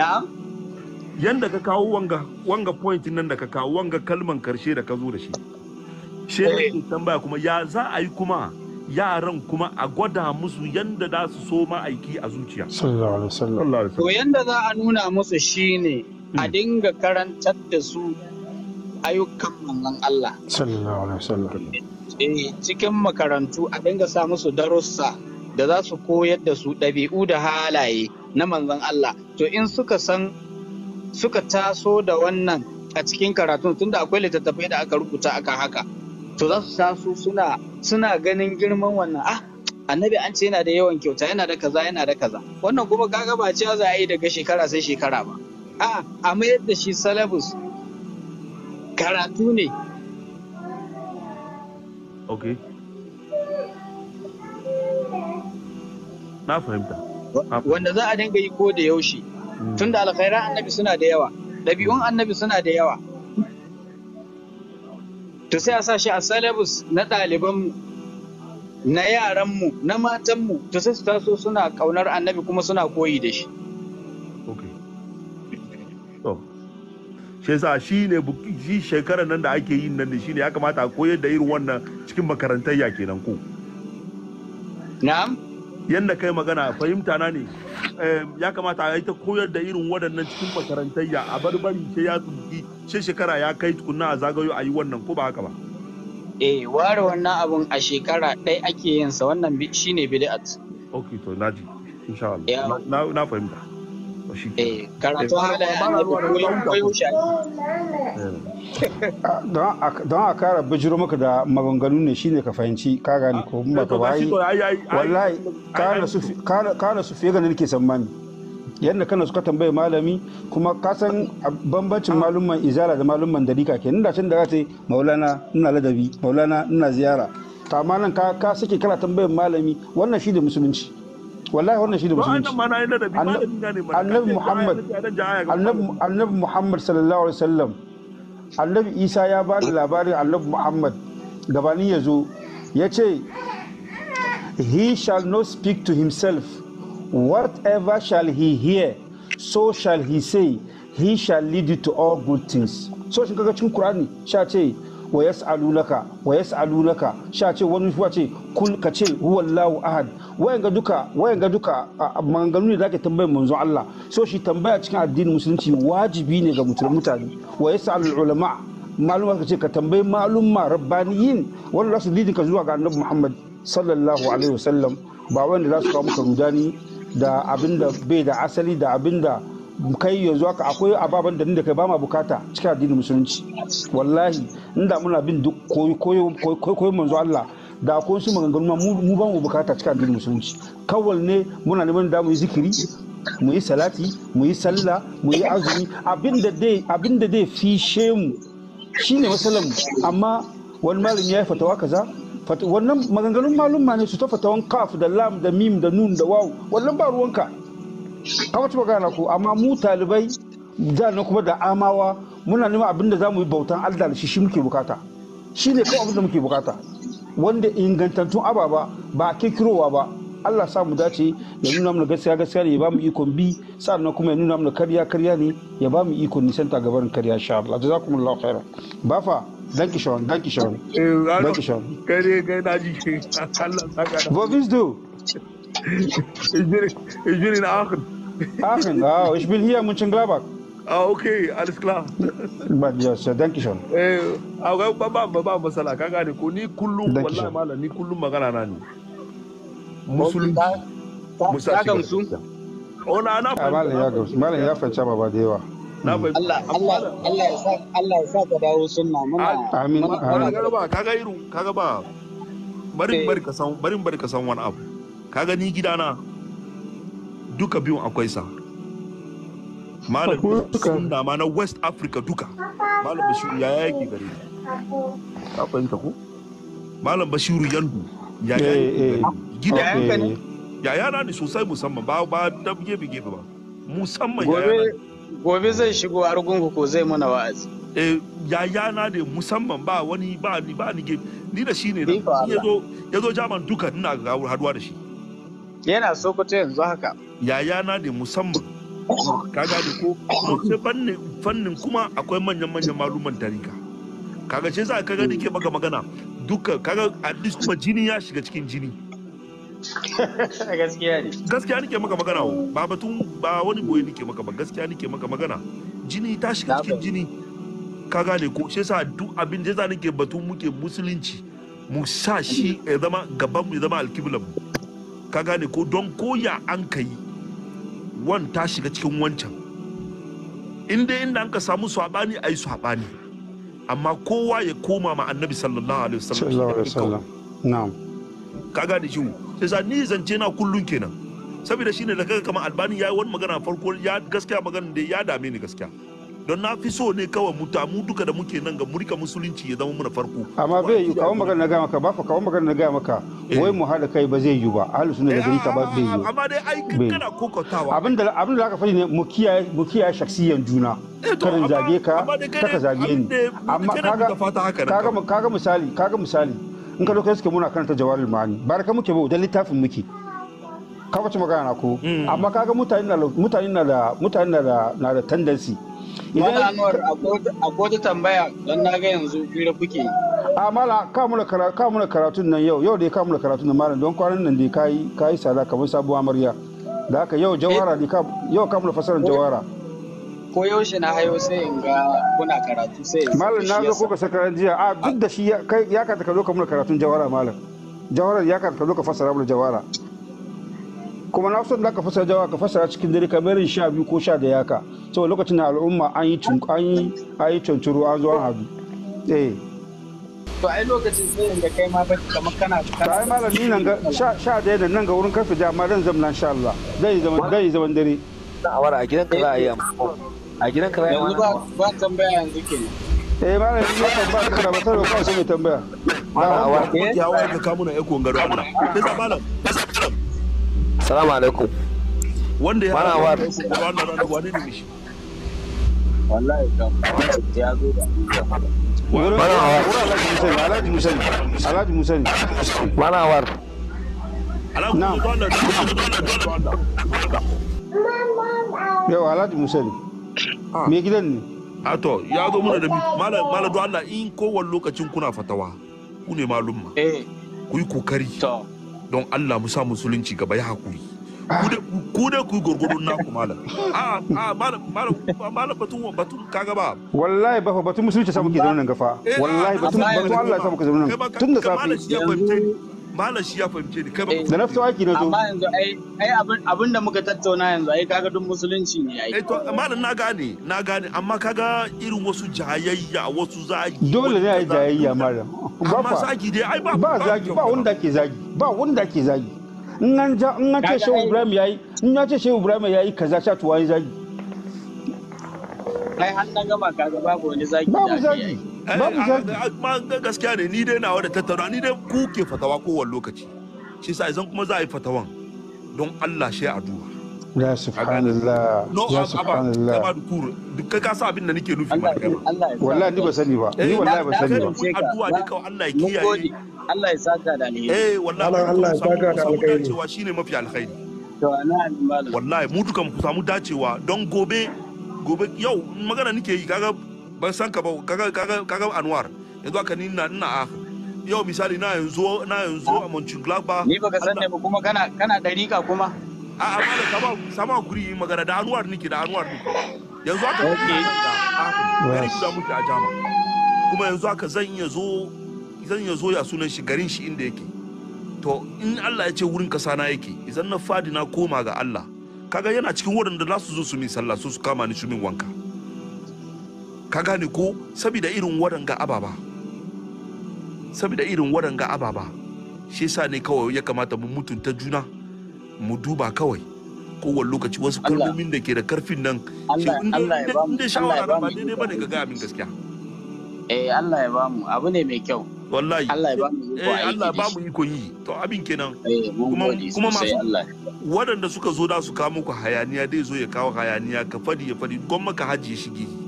na'am yanda ka kawo wanga wanga point nan da ka kawo wanga kalman karshe da ka zo da shi she ne eh. tambaya kuma ya za a yi kuma yaran kuma a gwada musu yanda za su so ma'aiki a zuciya sallallahu alaihi wasallam to yanda za a nuna musu shine a hmm. dinga karantar da su ayyukan manzon Allah eh, cikin makarantu a dinga sa musu darussa da za su koyar da su ɗabi'u da halaye na manzon Allah to in suka san suka taso da wannan a cikin karatun tunda akwai littattafai da aka rubuta aka haka to za su taso suna suna ganin girman wannan ah annabi an ce yana da yawan kyauta yana da kaza yana da kaza wannan kuma kaga ba ce za a yi daga shekara sai shekara ba a ah, a mayar da shi salabus karatu ne ok na fahimta wanda za a dinga yi ko da yaushe hmm. tun da alkhairan annabi suna da yawa ɗabi'un annabi suna da yawa to sai a sa shi a salabus na ɗalibanmu na yaranmu na matanmu to sai su taso suna ƙaunar annabi kuma suna koyi da shi shi yasa shi ne shi shekarar nan da ake yin nan da shi ne ya kamata a koyar da irin wannan cikin makarantar ya kenan ko na'am yanda kai magana fahimta na ne ya kamata a yi ta koyar da irin waɗannan cikin makarantar ya a bari sai ya tsugi shi shekara ya kai tukunna a zagayo a yi wannan ko ba haka ba eh ware wannan abun a shekara ɗaya ake yin sa wannan shine bid'at Ok, to na insha Allah na fahimta don a kara bijiro maka da maganganu ne shine ka fahimci ka gane ko ba ka bayi wallahi na su fiye ganin ke tsammani yadda kana suka tambaye malami kuma ka san bambancin malumman izara da malumman dalika ke da can da za ta yi maulana ina ladabi maulana ina ziyara ta nan ka sake kana tambayar malami wannan shi da musulunci wallahi wannan shine musulunci annabi muhammad annabi muhammad sallallahu alaihi wasallam annabi isa ya ba da labarin annabi muhammad gabanin ya zo ya ce he shall not speak to himself whatever shall he hear so shall he say he shall lead you to all good things so shi kaga cikin qur'ani sha ce wa laka wa laka sha ce wani fuwa ce kul ka ce huwallahu ahad wayan ga duka wayan ga duka maganganu ne zaka tambayar manzon Allah so shi tambaya cikin addinin musulunci wajibi ne ga mutane wa yas'alul ulama malum ka ce ka tambayi ma rabbaniyin wanda rasu lidin ka zuwa ga annabi Muhammad sallallahu alaihi wasallam ba wanda za su kawo muka rudani da abinda bai da asali da abinda kai yanzu haka akwai ababen da da kai ba ma bukata cikin addinin musulunci wallahi inda muna bin duk koyo manzo Allah da akwai su maganganu mu ba mu bukata cikin addinin musulunci kawal ne muna neman da mu yi zikiri mu yi salati mu yi sallah mu yi azumi abinda dai fi dai fishe mu shine masalan amma wani malami ya yi fatawa kaza wannan maganganun malumma ne su ta fatawan kaf da lam da mim da nun da waw wannan ba ruwanka kamata magana ku amma mu talibai da na kuma da amawa muna neman abin da za mu yi bautan allah da shi shi muke bukata shi ne kawai abin da muke bukata wanda ingantattun ababa ba a kirowa ba allah sa mu dace ya nuna mana gaskiya gaskiya ne ya ba mu ikon bi na kuma ya nuna mana karya karya ne ya ba mu ikon nisanta gabarin karya sha Allah jazakumullahu khaira ba fa Danke schon, danke schon. Danke shawan Kare kai na ji Allah ta Wo bist du? Ich bin na akhir Aachen, ah, ich bin hier in Glabak. Ah, okay, alles klar. yes, danke schon. Eh, aber ba ba ba masala ka gane ko ni kullum wallahi malam ni kullum magana na ne. Musulmi. gamsu. Ona na fa. Ah, ya gamsu, ya ba ba da na hmm. Allah Allah ya sa Allah ya sa ka dawo sunna ah, amin ba kaga kaga ba eh. bari ka san bari ka san wani abu kaga ni gidana duka biyun akwai sa malam sun dama na west africa duka malam bashiru ya yaki gare ka fahimta ko malam bashiru yandu ya yaki eh, eh. gida ya yana ne sosai musamman ba ba ta gefe gefe ba musamman ya yana gobe zai shigo argungu ko zai mana wa'azi eh ya yana ne musamman ba wani ba ni ba ni gefe ni da shi ne ya zo ya zo jaman duka ina haduwa da shi yana ta yanzu haka yaya na ne musamman ka gane ko sai fannin kuma akwai manyan manyan maluman tarika kaga ce za ka ga nake maka magana duka kaga at least kuma jini ya shiga cikin jini gaskiya ne gaskiya nake maka magana ba batun ba wani boye nake maka ba gaskiya nake maka magana jini ta shiga cikin jini ka gane ko shi yasa duk abin da yasa nake batun muke musulunci mu sa shi ya zama gaban mu ya zama alkiblan mu ka gane ko don koya an ka yi wan ta shiga cikin wancan inda inda an ka samu saɓani a yi saɓani amma kowa ya koma ma annabi sallallahu alaihi wasallam na'am ka gane shi sai sa ni zance na kullun kenan saboda shine da kaga kamar albani yayi wani magana farko ya gaskiya magana da ya dame ni gaskiya don na fi so ne kawai mu tamu duka da muke nan ga murika musulunci ya zama muna farko amma bai yi kawo magana na gaya maka ba fa kawo magana na gaya maka eh. wai mu hada kai ba zai yi ba ahlu suna da eh, gari ka ba bai ah, yi amma dai ai kana kokotawa abinda abinda aka faɗi ne mu kiyaye mu kiyaye shaksiyan juna eh, karin zage ka kaka zage ni amma kaga kaga kaga misali kaga misali in ka doka suke muna karanta jawarul ma'ani baraka muke ba da littafin muke ka wace magana ko hmm. amma kaga mutane na da mutane na da na da tendency Mala Anwar a kotu tambaya don na ga yanzu fira kuke yi. A mala kamula kamula karatun nan yau yau dai kamula karatun nan malam don kwanan nan dai kayi kayi sada kamar sabuwa amarya. Da haka yau jawara ne eh. yau kamula fasarar jawara. Ko yaushe na hayo sai in ga kuna karatu sai. Malam na zo kuka sakaran jiya a duk da shi ya kata ka zo kamula karatun jawara malam. Jawara ya kata ka zo ka fasara mana jawara. kuma na so da ka fasara jawa ka fasara cikin dare ka bayarin sha biyu ko sha da yaka saboda lokacin da al'umma an yi an yi tunturu an zo an hadu eh to ai lokacin tsayin da kai ma ba kamar kana bukatar ai malami nan ga sha da nan ga wurin karfe da amma zan zama insha Allah dai zama dai zama dare awara a ka za a yi a gidanka za a yi yanzu ba tambaya yanzu kenan eh malami ne tambaya kana ba sai ka so mai tambaya ba awara ya wai ka kamu na eko ngaro amuna sai malam salamu alaikum wanda ya hana wane ne mishi alhaji musani alhaji yau alhaji musani ah. me gidan ne ato ya zo muna da malam Allah in kowane lokacin kuna fatawa ku ne malumma eh. ku yi kokari to don Allah mu sa musulunci gaba ya hakuri ku da ku gurgurun naku malam a a malam malam batun batun kaga ba wallahi ba batun musulunci sa muke zaune gafa eh, wallahi batun batun Allah ya sa muke zaune tun da safi malam shi ya fahimce ni kai ba eh, da nafsu haki na zo amma yanzu ai ai abin da muka tattauna yanzu ai kaga duk musulunci ne ai eh, to malam na gane na gane amma kaga irin wasu jayayya wasu zagi dole ne ai jayayya malam ba zagi dai ai ba ba zagi ba wanda ke zagi ba wanda ke zagi in an ja in an ce shehu ibrahim yayi in ya ce shehu ibrahim yayi kaza sha tuwa zagi ai har na gama kaga babu wani zagi babu zagi Eh, babu gaskiya ne ni dai nawa da tattara? ni dai ku ke fatawa kowane lokaci shi sa idan kuma za a yi fatawan don Allah shi a duba ya subhanallah ya subhanallah kama dukuru dukkan ka sa abin da nake nufi ba kai wallahi ni ba sani ba ni eh, wallahi ba sani ba addu'a ne kawai Allah ya kiyaye Allah ya saka da ni. eh wallahi Allah ya saka da alheri eh, cewa shine mafi alheri to ana wallahi mu dukan ku samu dacewa don gobe gobe yau magana nake yi kaga ban san ka ba kaga kaga kaga Anwar yanzu aka ni na ina yau misali na yanzu na yanzu a ba. ni baka san ne kuma kana kana dariƙa kuma a a malam sama ba sama guri yi magana da Anwar niki da Anwar niki yanzu aka okay ne da muke a jama kuma yanzu aka zan iya zo zan iya zo ya sunan shi garin shi inda yake to in Allah ya ce wurin kasa na yake idan na fadi na koma ga Allah kaga yana cikin waɗanda za su zo su min sallah su su kama ni su min wanka ka gane ko saboda irin waɗanga ababa saboda irin waɗanga ababa shi sa ne kawai ya kamata mu mutunta juna mu duba kawai kowane lokaci wasu kalmomin da ke da karfin nan shi inda shawara ba daidai ba ne ga gaya min gaskiya eh Allah ya bamu abu ne mai kyau wallahi Allah ya bamu eh Allah ya bamu iko yi to abin kenan eh, kuma kuma masu waɗanda suka zo da su kawo muku hayaniya dai zo ya kawo hayaniya ka fadi ya fadi gwamma ka haji ya shige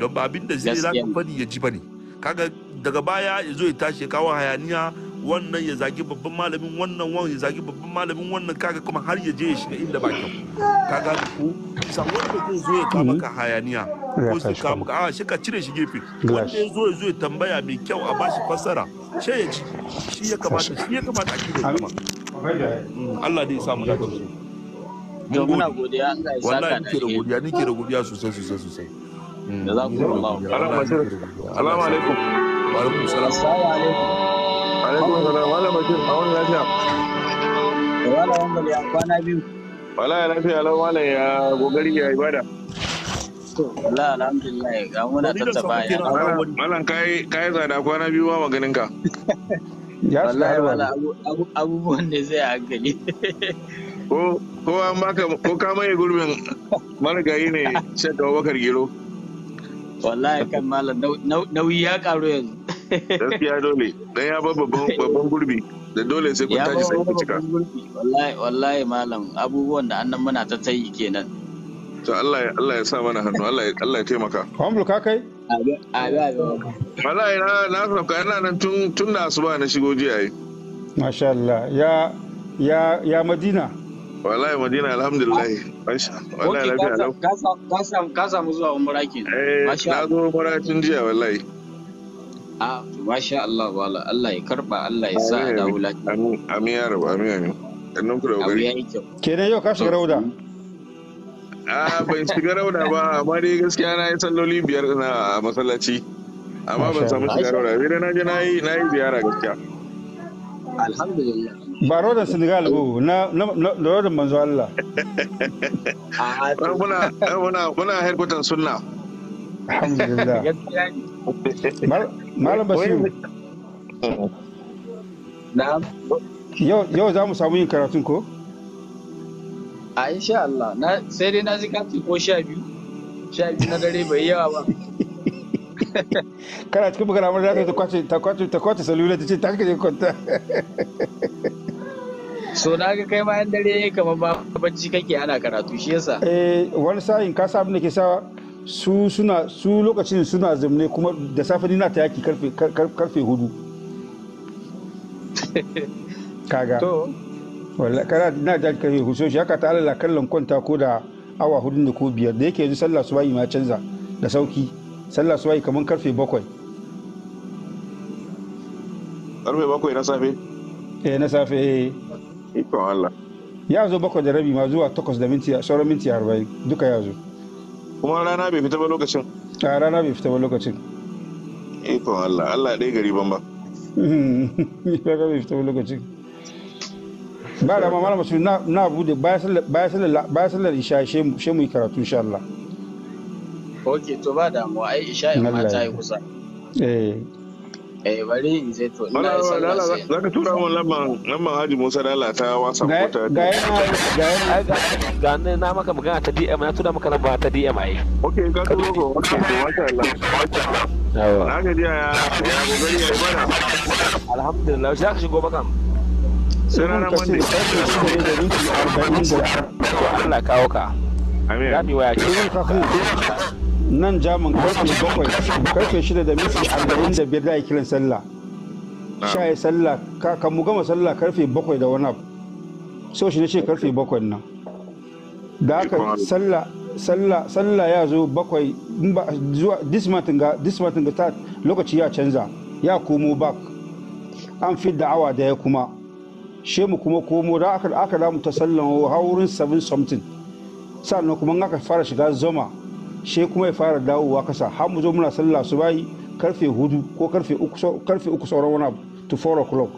don ba abin da zai za zaka fadi ya ji bane kaga daga baya ya zo ya tashi kawo hayaniya wannan ya zagi babban malamin wannan wan ya zagi babban malamin wannan kaga kuma har ya je ya shiga inda ba kyau kaga ko sa wanda ko zo ya kama ka mm-hmm. hayaniya ko su kama ka a shi ka cire shi gefe wanda ya zo ya zo ya tambaya mai kyau a bashi fassara shi ya ci shi ya kamata shi ya kamata a kira kuma mm, Allah dai ya samu dace mun gode wallahi nake da godiya nake da godiya sosai sosai sosai Mm. da alaikum. Wa alaikum salam. Assalamu alaikum. Alaikum salam. Malam Bashir, a lafiya. Wala wanda ya kwana biyu. Wala ya lafiya lau malam ya gogari ya ibada. Wala alhamdulillah ga muna tattaba ya. Malam kai kai tsada kwana biyu ba maganin ka. Ya tsada wala abubuwan da zai hankali. Ko ko an baka ko ka maye gurbin marigayi ne Shadda Abubakar Gero. wallahi kan malam nauyi ya karu yanzu gaskiya dole dan ya ba babban gurbi da dole sai kun tashi sai ku cika wallahi wallahi malam abubuwan da annan muna ta tayi kenan to Allah ya Allah ya sa mana hannu Allah ya Allah ya taimaka Humble ka kai wallahi na na sauka ina nan tun tun da asuba na shigo jiya yi masha Allah ya ya ya Madina wallahi madina alhamdulillah wallahi lafiya lau ka samu zuwa umra ke eh na zo umra tun jiya wallahi ah masha Allah wala Allah ya karba Allah ya sa da dawo lafiya amin amin ya rabu amin amin annan ku da gari kenan yau ka shiga rauda a ah, ban shiga rauda ba amma dai gaskiya na yi salloli biyar na masallaci amma ban samu shiga rauda sai dai na je na yi ziyara gaskiya alhamdulillah ba da senegal ba na na, rodar manzo Allah ah, muna muna muna herkutan sunna alhamdulillah malam basiru yau yau za mu samu yin karatun ko a ah, insha Allah sai dai na ji kafi ko sha biyu sha biyu na dare bai yawa ba kana cikin buga ramar da ta kwace ta kwace ta kwace salula ta ce ta kaje kwanta so na ga kai ma yan dare yayi kamar ba bacci kake ana karatu shi yasa eh wani sa'in ka samu ke sa su suna su lokacin suna zumne kuma da safe ni na ta yaki karfe karfe hudu kaga to wallahi kana na da karfe hudu shi haka ta Allah kallon kwanta ko da awa hudu da ko biyar da yake yanzu sallah subahi ma canza da sauki sallah subahi kamar karfe bakwai karfe bakwai na safe eh na safe eh Ikon Allah. Ya zo bakwai da rabi ma zuwa takwas da minti sauran minti arba'in duka ya zo. Kuma rana bai fita ba lokacin? A rana bai fita ba lokacin. Ikon Allah, Allah ɗaya gari ban ba. Rana bai fita ba lokacin. Ba da mamala masu na bude baya sallar isha shi mu yi karatu insha Allah. Ok, to ba damuwa ai isha in ma ta yi kusa. Eh. Eh bari in je to ina yi sallah sai. Za ka tura min lamban lamban Haji Musa Dala ta wasa ko ta. Ga ga ga ne na maka magana ta DM na tura maka lamba ta DM ai. Okay ka turo ko masha Allah masha Allah. Na ga ya ya gogari ya bana. Alhamdulillah sai ka shigo bakan. Sai ranar Monday. Allah kawo ka. Amin. Ya bi waya. nan jamin karfe bakwai karfe shida da mitsi arba'in da biyar da ake kiran sallah sha ya sallah ka mu gama sallah karfe bakwai da wani abu so shi na ce karfe bakwai nan da haka sallah sallah sallah ya zo bakwai zuwa dismatin ga dismatin ga ta lokaci ya canza ya komo back an fi da'awa da ya kuma she mu kuma komo da aka aka da mu ta sallan haurin sabin something sannan kuma aka fara shiga zoma she kuma ya fara dawowa kasa har mu zo muna sallah su bayi karfe hudu ko karfe uku karfe uku sauran wani to four o'clock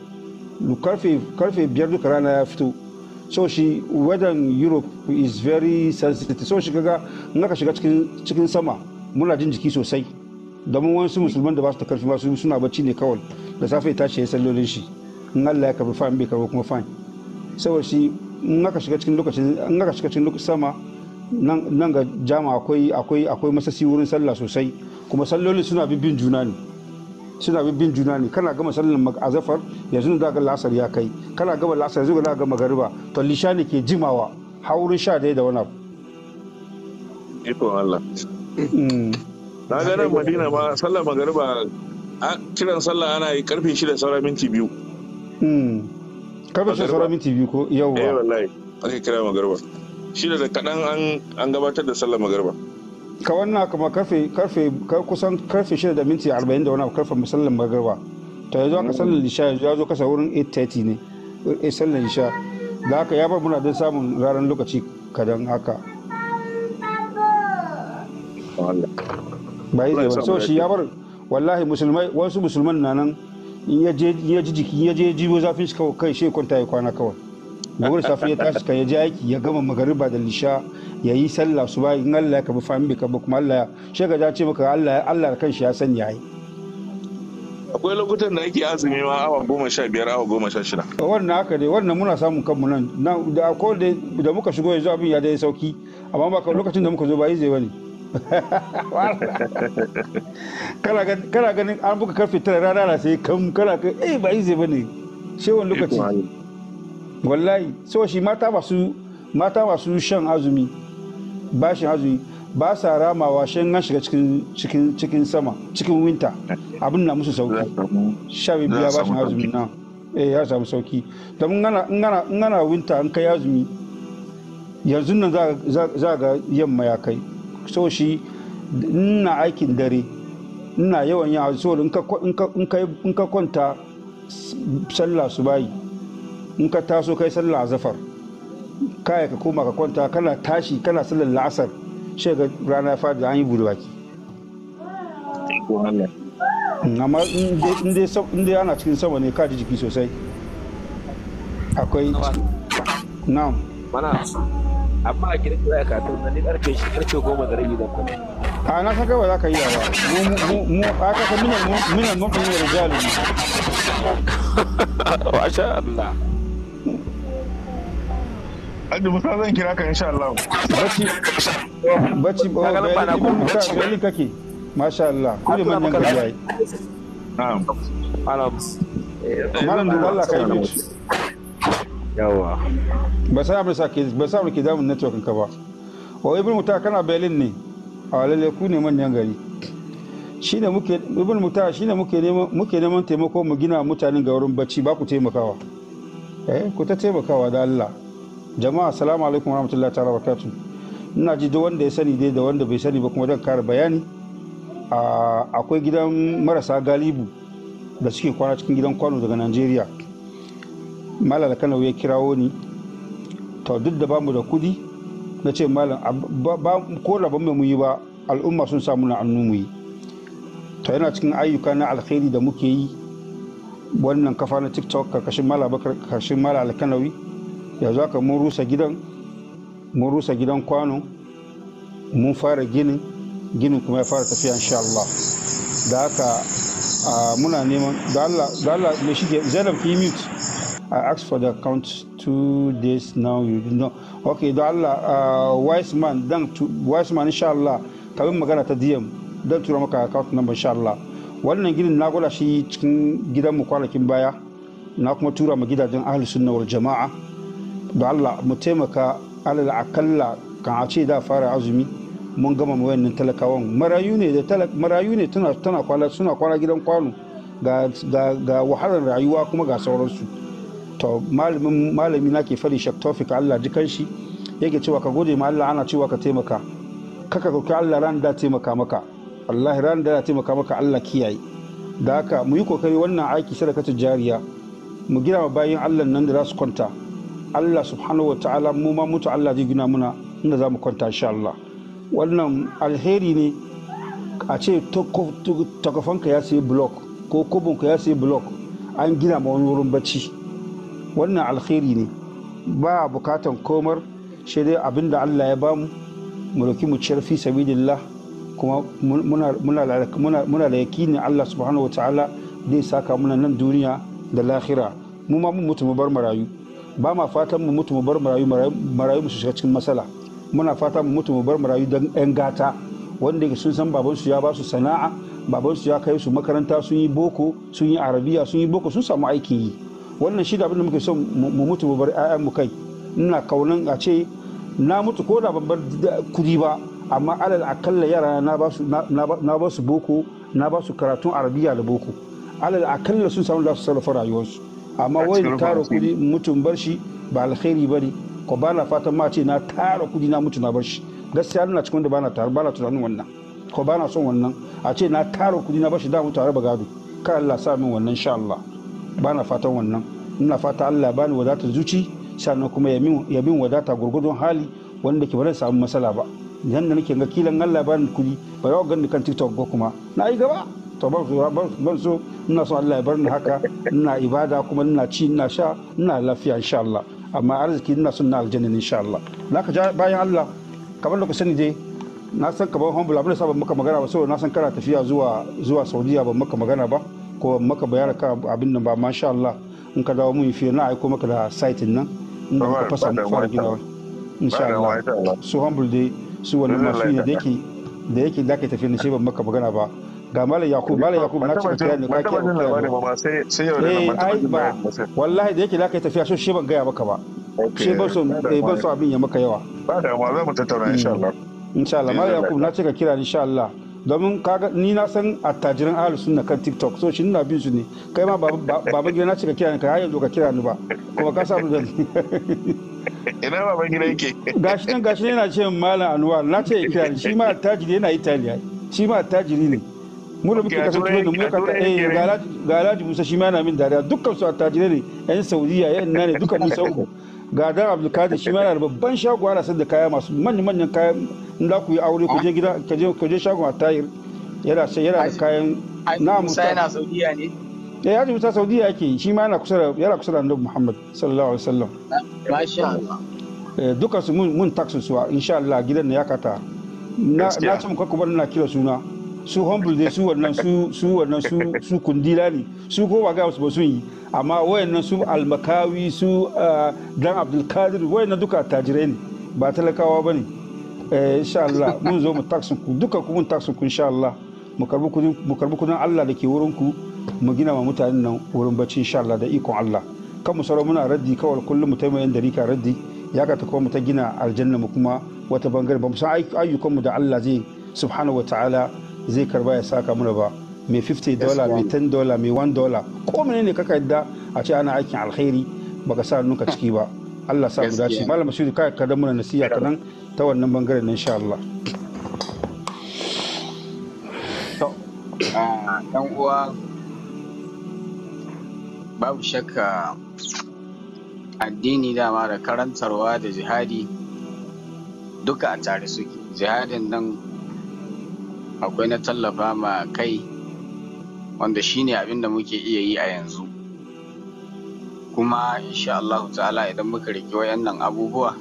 karfe karfe biyar duka rana ya fito so shi weather europe is very sensitive so shi kaga in aka shiga cikin cikin sama muna jin jiki sosai domin wasu musulman da ba su da karfi su suna bacci ne kawai da safe ya tashi ya sallolin shi in Allah ya karbi fa'in bai karbi kuma fa'in saboda shi in aka shiga cikin lokacin in aka shiga cikin lokacin sama nan ga jama akwai akwai akwai masasi wurin sallah sosai kuma sallolin suna bibin juna ne suna bibin juna ne kana gama sallan azafar yanzu da ga lasar ya kai kana gama lasar yanzu da ga magariba to lisha ne ke jimawa har wurin sha daya da wani iko Allah mm. na ga nan Madina ma sallar magariba kiran sallah ana yi karfe 6 da sauran minti biyu mm. karfe 6 da sauran minti biyu ko yawwa eh wallahi ake kira magariba shi da kaɗan an gabatar da sallar magarba ka wannan kuma karfe karfe kusan karfe shida da minti arba'in da wani abu karfe musallin magarba ta yanzu aka sallar lisha yanzu ya zo kasa wurin 8:30 ne a eh, sallar lisha da haka ya bar muna don samun ranar lokaci kadan haka ba yi ba so shi ya bar wallahi musulmai wasu musulman na nan in ya je jiki ya je jibo zafin shi kawai kai shi kwanta ya kwana kawai gobe safiya ta shi ya je aiki ya gama magariba da lisha ya yi sallah su bayan Allah ya kabi fami bai kabi kuma Allah ya shega ja ce maka Allah Allah da kanshi ya sani yayi akwai lokutan da ake azumi ma awa goma sha biyar awa goma sha shida wannan haka dai wannan muna samun kanmu nan da ko da muka shigo yanzu abin ya dai sauki amma ba lokacin da muka zo ba izai bane kana ganin an buka karfe tara rana sai kan kana eh ba izai bane shewan lokaci wallahi so shi mata masu mata masu shan azumi shi azumi ba sa ramawa shan nan shiga cikin cikin cikin sama cikin winta abin na musu sauki sha biya bashin azumi na eh ya samu sauki in gana in gana winta an kai azumi yanzu nan za ga yamma ya kai so shi ina aikin dare ina yawan yin azumi in ka kwanta sallah su in ka taso kai sallar azafar kaya ka koma ka kwanta kana tashi kana sallar la'asar shi ga rana da an yi buɗe baki amma in dai ana cikin sama ne ka ji jiki sosai akwai na'am mana amma a gidan da ka tun nan karfe shi karfe goma da rabi da kuma a na san kawai za ka yi ba mu mu a ka san minan minan mafi ne rijalu masha Allah Aji Musa zan kira ka insha Allah. Bacci bacci ba ga ni kake. Masha Allah. Ku ne manyan gari yayi. Na'am. Malam. Malam duba Allah kai ne. Yawa. Ba sa mu sake ba sa mu ke damu network ka ba. Wa Ibn Muta kana Berlin ne. A lalle ku ne manyan gari. shine muke ibn muta shine muke neman muke neman taimako mu gina mutanen ga wurin bacci ba ku taimakawa eh ku ta taimakawa da Allah jama'a assalamu alaikum warahmatullahi ta'ala barakatu ina ji duk wanda ya sani dai da wanda bai sani ba kuma zan kara bayani akwai gidan marasa galibu da suke kwana cikin gidan kwano daga Najeriya malala ya kirawo ni to duk da bamu da kudi na ce malam ko rabon mai muyi ba al'umma sun samu na annu muyi to yana cikin ayyuka na alkhairi da muke yi wannan kafa na tiktok karkashin malala kanawi yanzu haka mun rusa gidan mun rusa gidan kwano mun fara ginin ginin kuma ya fara tafiya insha Allah da haka muna neman da Allah mai shige zainab ki mute I ask for the account two days now you know okay da Allah wise man dan wise man insha Allah kawai magana ta DM dan tura maka account number insha Allah wannan ginin na gwada shi cikin gidan mu kwanakin baya na kuma tura ma gidajen ahli sunna wal jama'a da Allah mu taimaka alal akalla kan a ce da fara azumi mun gama wayannan talakawan marayu ne da marayu ne tana tana kwana suna kwana gidan kwano ga ga ga wahalar rayuwa kuma ga sauransu to malamin malami na ke fari shak tofik Allah dukan shi yake cewa ka gode ma Allah ana cewa ka taimaka kaka ka Allah ran da taimaka maka Allah ran da taimaka maka Allah kiyaye da haka mu yi kokari wannan aiki sadakatul jariya mu gina bayan Allah nan da za su kwanta Allah subhanahu wa ta'ala mu ma mutu Allah zai gina muna inda za mu kwanta insha Allah wannan alheri ne a ce takafanka ya sai block ko kubunka ya sai block an gina ma wani wurin bacci wannan alheri ne ba bukatan komar shi dai abinda Allah ya bamu mu roki mu ciyar fi sabilillah kuma muna da yakinin Allah subhanahu wa ta'ala zai saka muna nan duniya da lahira mu ma mun mutu mu bar marayu ba ma fatan mu mutu mu bar marayu marayu mu shiga cikin matsala muna fata mu mutu mu bar marayu dan yan gata wanda sun san babansu ya ba su sana'a babansu ya kai su makaranta sun yi boko sun yi arabiya sun yi boko sun samu aikin yi wannan shi da abin da muke son mu mutu mu bar mu kai ina kaunan a ce na mutu ko da ban bar kudi ba amma alal akalla yara na ba su boko na ba su karatun arabiya da boko alal akalla sun samu da su sarrafa rayuwarsu amma wai tara kudi mutum bar shi ba alkhairi bane ko ba na fatan ma ce na tara kudi na mutu na bar shi gaskiya ina cikin da ba na tara ba na tunanin wannan ko ba na son wannan a ce na tara kudi na bar shi da mu tare ba gado ka Allah sa min wannan insha Allah ba na fatan wannan ina fata Allah ya bani wadatar zuci sannan kuma ya min wadata gurgurdun hali wanda ke ba zan samu matsala ba yanda da nake ga kilan Allah ya bani kudi ba yawa ganin kan TikTok ba kuma na yi gaba to ban so ban so ina son Allah ya bar ni haka ina ibada kuma ina ci ina sha ina lafiya insha Allah amma arziki ina son na aljanna insha Allah naka ja bayan Allah kamar da ku sani dai na san kamar humble abin da sa ban maka magana ba saboda na san kana tafiya zuwa zuwa Saudiya ban maka magana ba ko ban maka bayar ka abin nan ba masha Allah in ka dawo mun fiye na aiko maka da site nan in ka fasa mu fara ginawa insha Allah su humble dai su wannan masu ne da yake da yake da ka tafi ne sai ban maka magana ba ga malam yakubu malam yakubu na cikin bayani ka ke ba sai sai yau ne eh, ai ba wallahi da yake da kai tafiya so shi ban gaya maka ba shi ban so eh, ban so abin ya maka yawa ba da ma za tattauna insha hmm. Allah insha Allah malam eh, yakubu na cika kira insha Allah domin kaga ni na san attajiran ahlus sunna kan tiktok so shi ina bin su ne kai ma baban gida na cika kira ni ka yanzu ka kira ni ba kuma ka samu da ina baban gida yake gashi nan gashi ne na ce malam anwar na ce kira shi ma attajiri yana italiya shi ma attajiri ne mu da muke kasar turai da mu kata eh garaji musa shi ma yana min dariya dukkan su attajirai ne yan saudiya yan ina ne dukkan musa uku dan abdulkadir shi ma yana da babban shago ana sayar da kaya masu manyan manyan kaya in za ku yi aure ku je gida ku je shagon attajir yana sai yana da kayan na musa yana saudiya ne eh haji musa saudiya yake shi ma yana kusa da yana kusa da annabi muhammad sallallahu alaihi wasallam masha Allah eh, dukkan su mun taksin su insha Allah gidan ne ya kata na ce muka kuma na kira suna su humble dai su wannan su su wannan su su kundila ne su ko waga ba sun yi amma wayannan su almakawi su ah, dan abdulkadir wayannan duka tajirai ne ba talakawa ba ne eh, insha Allah mun zo mu taksin ku duka ku mun taksin ku insha Allah mu karbi kudin mu karbi kudin Allah da ke wurin ku mu gina ma mutanen nan wurin bacci insha Allah da ikon Allah kan mu sauran muna raddi kawal kullum mu taimayin dari ka raddi ya ka ta kuma mu ta gina aljanna mu kuma wata bangare ba mu san mu da Allah zai subhanahu wa ta'ala zai karba ya saka mana ba mai 50 dola mai 10 dola mai 1 dola ko mene ne kaka yadda a ce ana aikin alkhairi baka sa nuka ciki ba Allah sa mu dace malam Masud kai ka da nasiya nasiha kanan ta wannan bangaren nan insha Allah to ah, dan uwa babu shakka addini dama da karantarwa da jihadi duka a tare suke jihadin nan akwai na tallafa ma kai wanda shine abin da muke iya yi a yanzu kuma insha Allah ta'ala idan muka riƙe wayannan abubuwa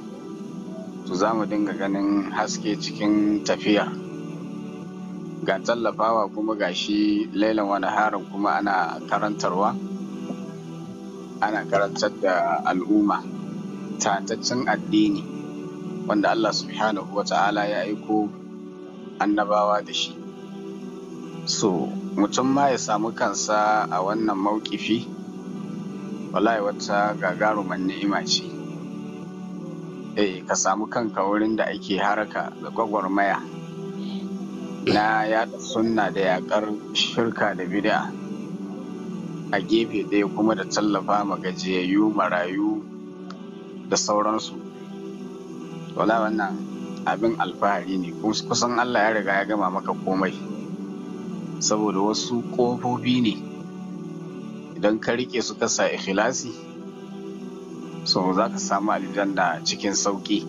to za mu dinga ganin haske cikin tafiya ga tallafawa kuma ga shi lailan wani harin kuma ana karantarwa ana karantar da al'umma tataccen addini wanda Allah subhanahu wa ta'ala ya aiko annabawa da shi so mutum ma ya samu kansa a wannan maukifi wallahi wata gagaruman ni'ima ce eh ka samu kanka wurin da ake haraka da gwagwarmaya na yada sunna da yakar shirka da bid'a a gefe ɗaya kuma da tallafa ma gajiyayyu marayu da sauransu wala wannan abin alfahari ne kusan Allah ya riga ya gama maka komai saboda wasu ƙofofi ne idan ka rike su ka sa ikhlasi so za ka samu aljanna cikin sauƙi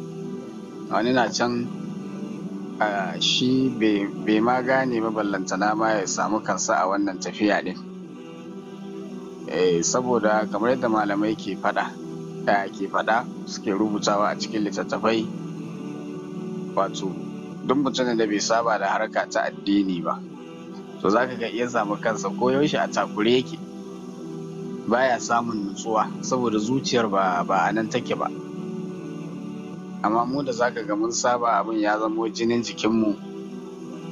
wani na can shi bai ma gane maballantana ma ya samu kansa a wannan tafiya ɗin eh, saboda kamar yadda malamai ke faɗa ke faɗa suke rubutawa a cikin littattafai wato duk mutumin da bai saba da harka ta addini ba to za ka iya samu kansa ko yaushe a takure yake baya samun nutsuwa saboda zuciyar ba a nan take ba amma mu da zaka ga mun saba abin ya zamo jinin jikinmu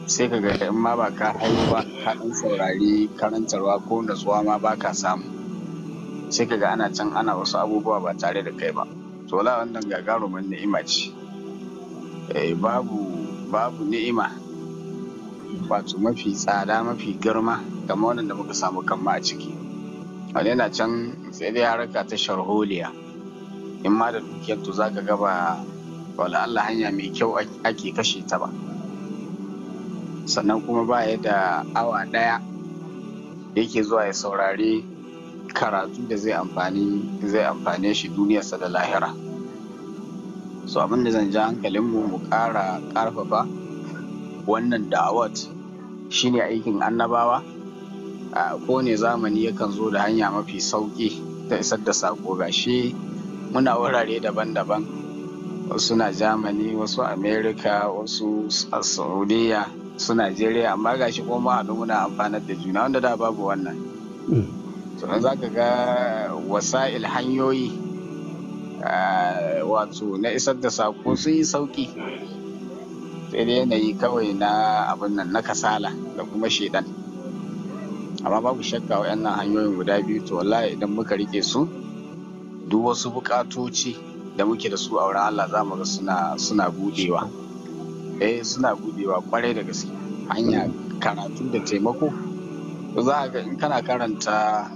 sai ka ga in ma ba ka haihuwa ka ɗan saurari karantarwa ko natsuwa ma ba ka samu sai ka ga ana can ana wasu abubuwa ba tare da kai ba to la wannan gagarumin ni'ima ce Eh, babu babu ni'ima wato mafi tsada mafi girma kamar da muka samu kanmu a ciki wani yana can sai dai haraka ta sharholiya in ma da dukiyar to zaka ga ba wala Allah hanya mai kyau ake kashe ta ba sannan kuma ba ya da awa ɗaya yake zuwa ya saurari karatu da zai amfani zai amfane shi duniyarsa da lahira. so abin da zan ja hankalinmu mu ƙara ƙarfafa wannan da'awat shine aikin annabawa a kowane zamani yakan zo da hanya mafi sauƙi ta isar da saƙo gashi muna wurare daban-daban wasu na germany wasu america wasu a saudiya su nigeria amma gashi kuma ma'adu muna amfanar da juna wanda da babu wannan mm. to za ka ga wasa'il hanyoyi Eh, wato na isar da sako sun yi sauki sai dai yanayi kawai na abin nan na kasala da kuma shedan amma babu shakka wa 'yan hanyoyin guda biyu to wallahi idan muka rike su duk wasu bukatoci da muke da su a wurin Allah za mu ga suna suna budewa eh suna budewa kwarai da gaske hanya karatu da taimako za ga in kana karanta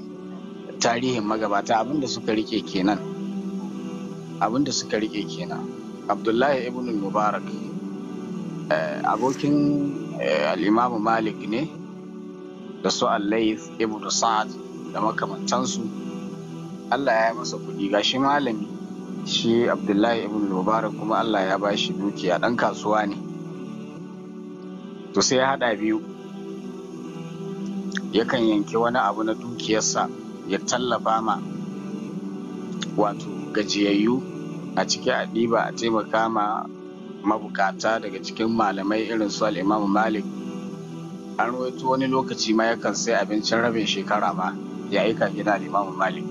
tarihin magabata abinda suka rike kenan abin da suka rike kenan abdullahi ibn mubarak eh, abokin eh, al'imamu malik ne da su allaith ibn sa'ad da makamantansu allah ya masa kuɗi gashi malami shi abdullahi ibn mubarak kuma allah ya bashi dukiya ɗan kasuwa ne to sai ya hada biyu yakan yanke wani abu na dukiyarsa ya tallafa ma wato gajiyayyu a ciki a ɗiba a taimaka ma mabukata daga cikin malamai irin su al'imamu malik an rawaito wani lokaci ma yakan sai abincin rabin shekara ma ya aika gida al'imamu malik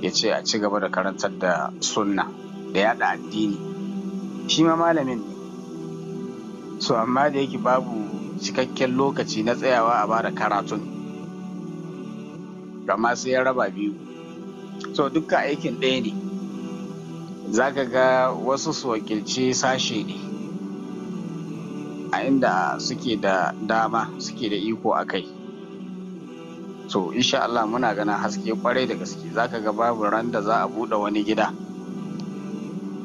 ya ce a ci gaba da karantar da sunna da yada addini shi ma malamin ne so amma da yake babu cikakken lokaci na tsayawa a bada karatun amma sai ya raba biyu so dukkan aikin ɗaya ne za ka ga wasu su wakilci sashe ne a inda suke da dama suke da iko a kai so insha Allah muna ganin haske kwarai da gaske za ka ga babu ran da za a buɗe wani gida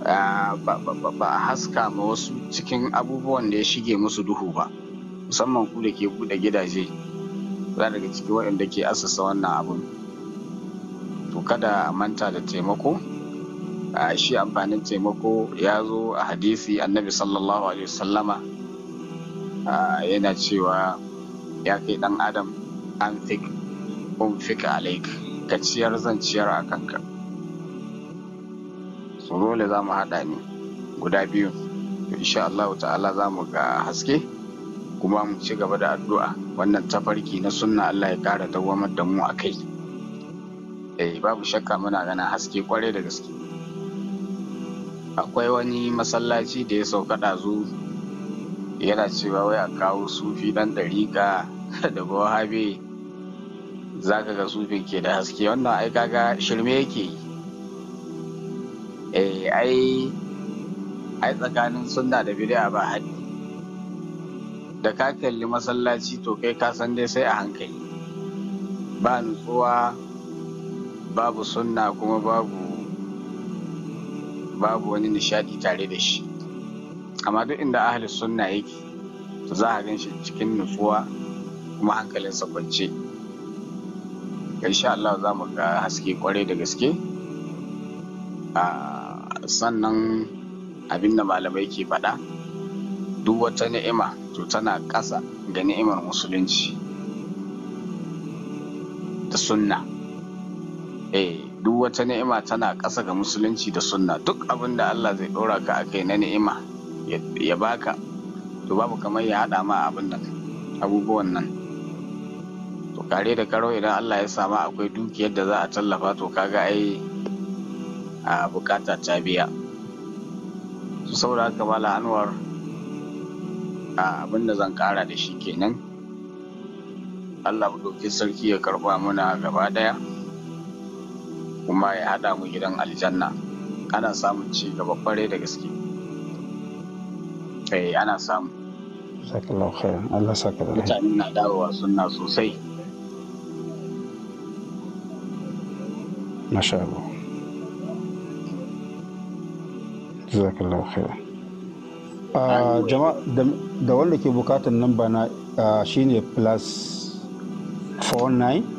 ba a haska ma wasu cikin abubuwan da ya shige musu duhu ba musamman ku da ke buɗe gidaje za daga ciki waɗanda ke asasa wannan abun to kada a manta da taimako shi amfanin taimako ya zo a hadisi annabi sallallahu alaihi wasallama yana cewa ya kai dan adam an fik un fik alaik ka ciyar zan ciyar a kanka su dole za mu haɗa ne guda biyu insha Allah ta'ala za mu ga haske kuma mu ci gaba da addu'a wannan tafarki na sunna Allah ya kara dawamar da mu a kai eh, babu shakka muna ganin haske kwarai da gaske akwai wani masallaci da ya sauka ɗazu yana cewa wai a kawo sufi ɗan ga daga wahabe za ka ga sufin ke da haske wannan ai kaga shirme yake yi eh, ai ai tsakanin sunna da bid'a ba haddi da ka kalli masallaci to kai ka san dai sai a hankali ba nutsuwa babu sunna kuma babu babu wani nishadi tare da shi amma duk inda ahli sunna yake to za a ganshi cikin nutsuwa kuma hankalinsa kwance insha Allah za mu ga haske kwarai da gaske sannan abin da malamai ke faɗa duk wata ni'ima to tana ƙasa ga ni'imar musulunci da sunna eh duk wata ni'ima tana ƙasa ga musulunci da sunna duk abin da Allah zai ɗora ka a kai na ni'ima ya baka to babu kamar ya haɗa ma abin da abubuwan nan to kare da karo idan Allah ya sama akwai dukiyar da za a tallafa to kaga ai a bukata ta biya su saboda haka mala anwar a abin da zan kara da shi kenan Allah ɗauki sarki ya karɓa muna gaba daya kuma ya haɗa mu gidan aljanna ana samun ci gaba kwarai da gaske eh ana samu sakallahu khair Allah saka da mutane na dawowa sunna sosai masha Allah jazakallahu khair a ah, jama'a da wanda ke bukatan namba na ah, shine plus 49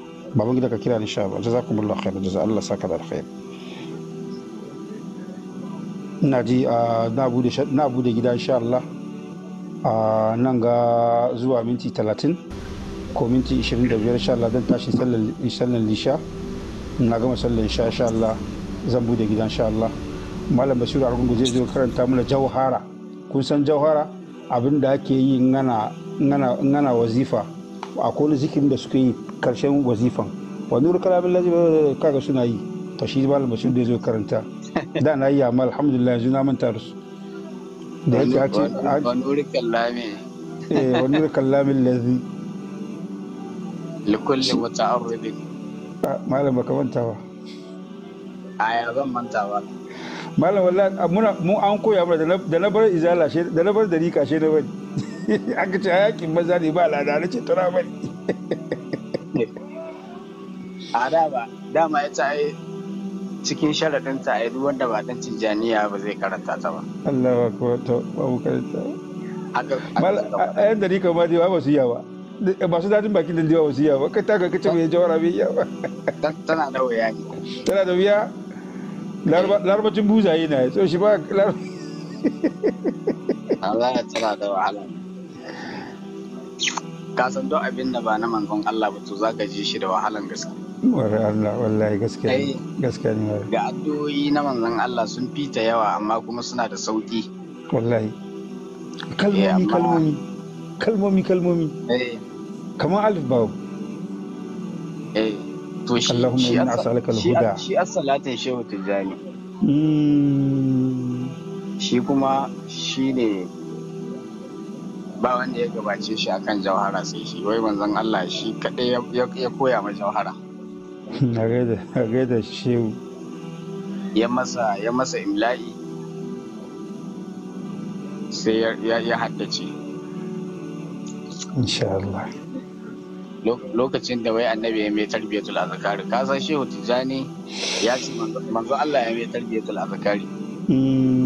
baban gida ka kira ni sha ba jazakumullahu khairan jaza Allah saka da alkhair ina ji ah, na bude gida insha Allah a ah, nan ga zuwa minti 30 ko minti 25 insha Allah dan tashi sallar lisha na gama sallar lisha insha Allah zan bude gida insha Allah malam basiru argungu zai zo karanta mana jauhara kun san jauhara abin da ake yi ngana wazifa akwai wani zikirin da suka yi karshen wazifan wani rukar abin lajiba kaga suna yi to shi ba da da zo karanta da na yi amma alhamdulillah yanzu na manta da su da yake a ce wani rukar lami eh, wani rukar lami lazi likulli muta'arridin malam baka manta ba aya zan manta ba malam wallahi muna mu an koya mana da na bar izala she da na bar dariƙa kashe na bari aka ce a yakin maza ne ba lada na ce tura bari a da ba dama ya ta cikin sharaɗin ta a duk wanda ba dan tijjaniya ba zai karanta ta ba Allah ba ko to ba mu karanta a yadda ni kamar dai ba su yawa masu dadin bakin da ba su yawa kai ta kace mai jawara bai tana da wuya ne tana da wuya larbacin buzaye na ya so shi ba Allah ya da wahala ka san don abin da ba na manzon Allah ba to zaka ji shi da wahalan gaske war Allah wallahi gaskiya gaskiya ne ga addu'o'i na manzon Allah sun fita yawa amma kuma suna da sauki wallahi eh, kalmomi kalmomi kalmomi kalmomi eh. kamar alif ba. eh to shi Allahumma inna as'aluka al-huda shi as salatu shehu tijani hmm. shi kuma shine ne ba wanda ya gabace shi akan jauhara sai shi wai manzon Allah shi kadai ya koya ma jauhara a gaida shehu ya masa ya masa imla'i sai ya haddace insha Allah lokacin da wai annabi ya mai tarbiyatul azkari ka san shehu tijani ya ce manzo Allah ya mai tarbiyatul azkari mm.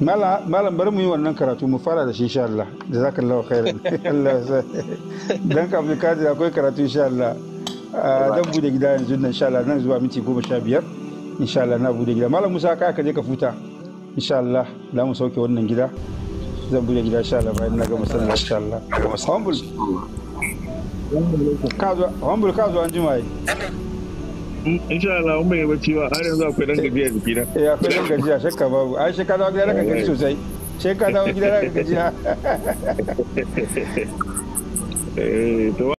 malam bari mu yi wannan karatu mu fara da shi insha Allah jazakallahu khairan Allah ya dan kafin kaji akwai karatu insha Allah dan ah, bude gida yanzu nan insha Allah nan zuwa minti 15 insha Allah na bude gida malam Musa ka ka je ka futa insha Allah da mu sauke wannan gida zan bude gida insha Allah bayan na gama sallah insha Allah humble ka zo humble ka zo an jima'i Uhm, insha Allah mun bai bacci ba har yanzu akwai dan gajiya jiki na eh akwai dan gajiya shakka babu ai shi ka dawo gida ka gaji sosai shi ka dawo gida ka gaji na eh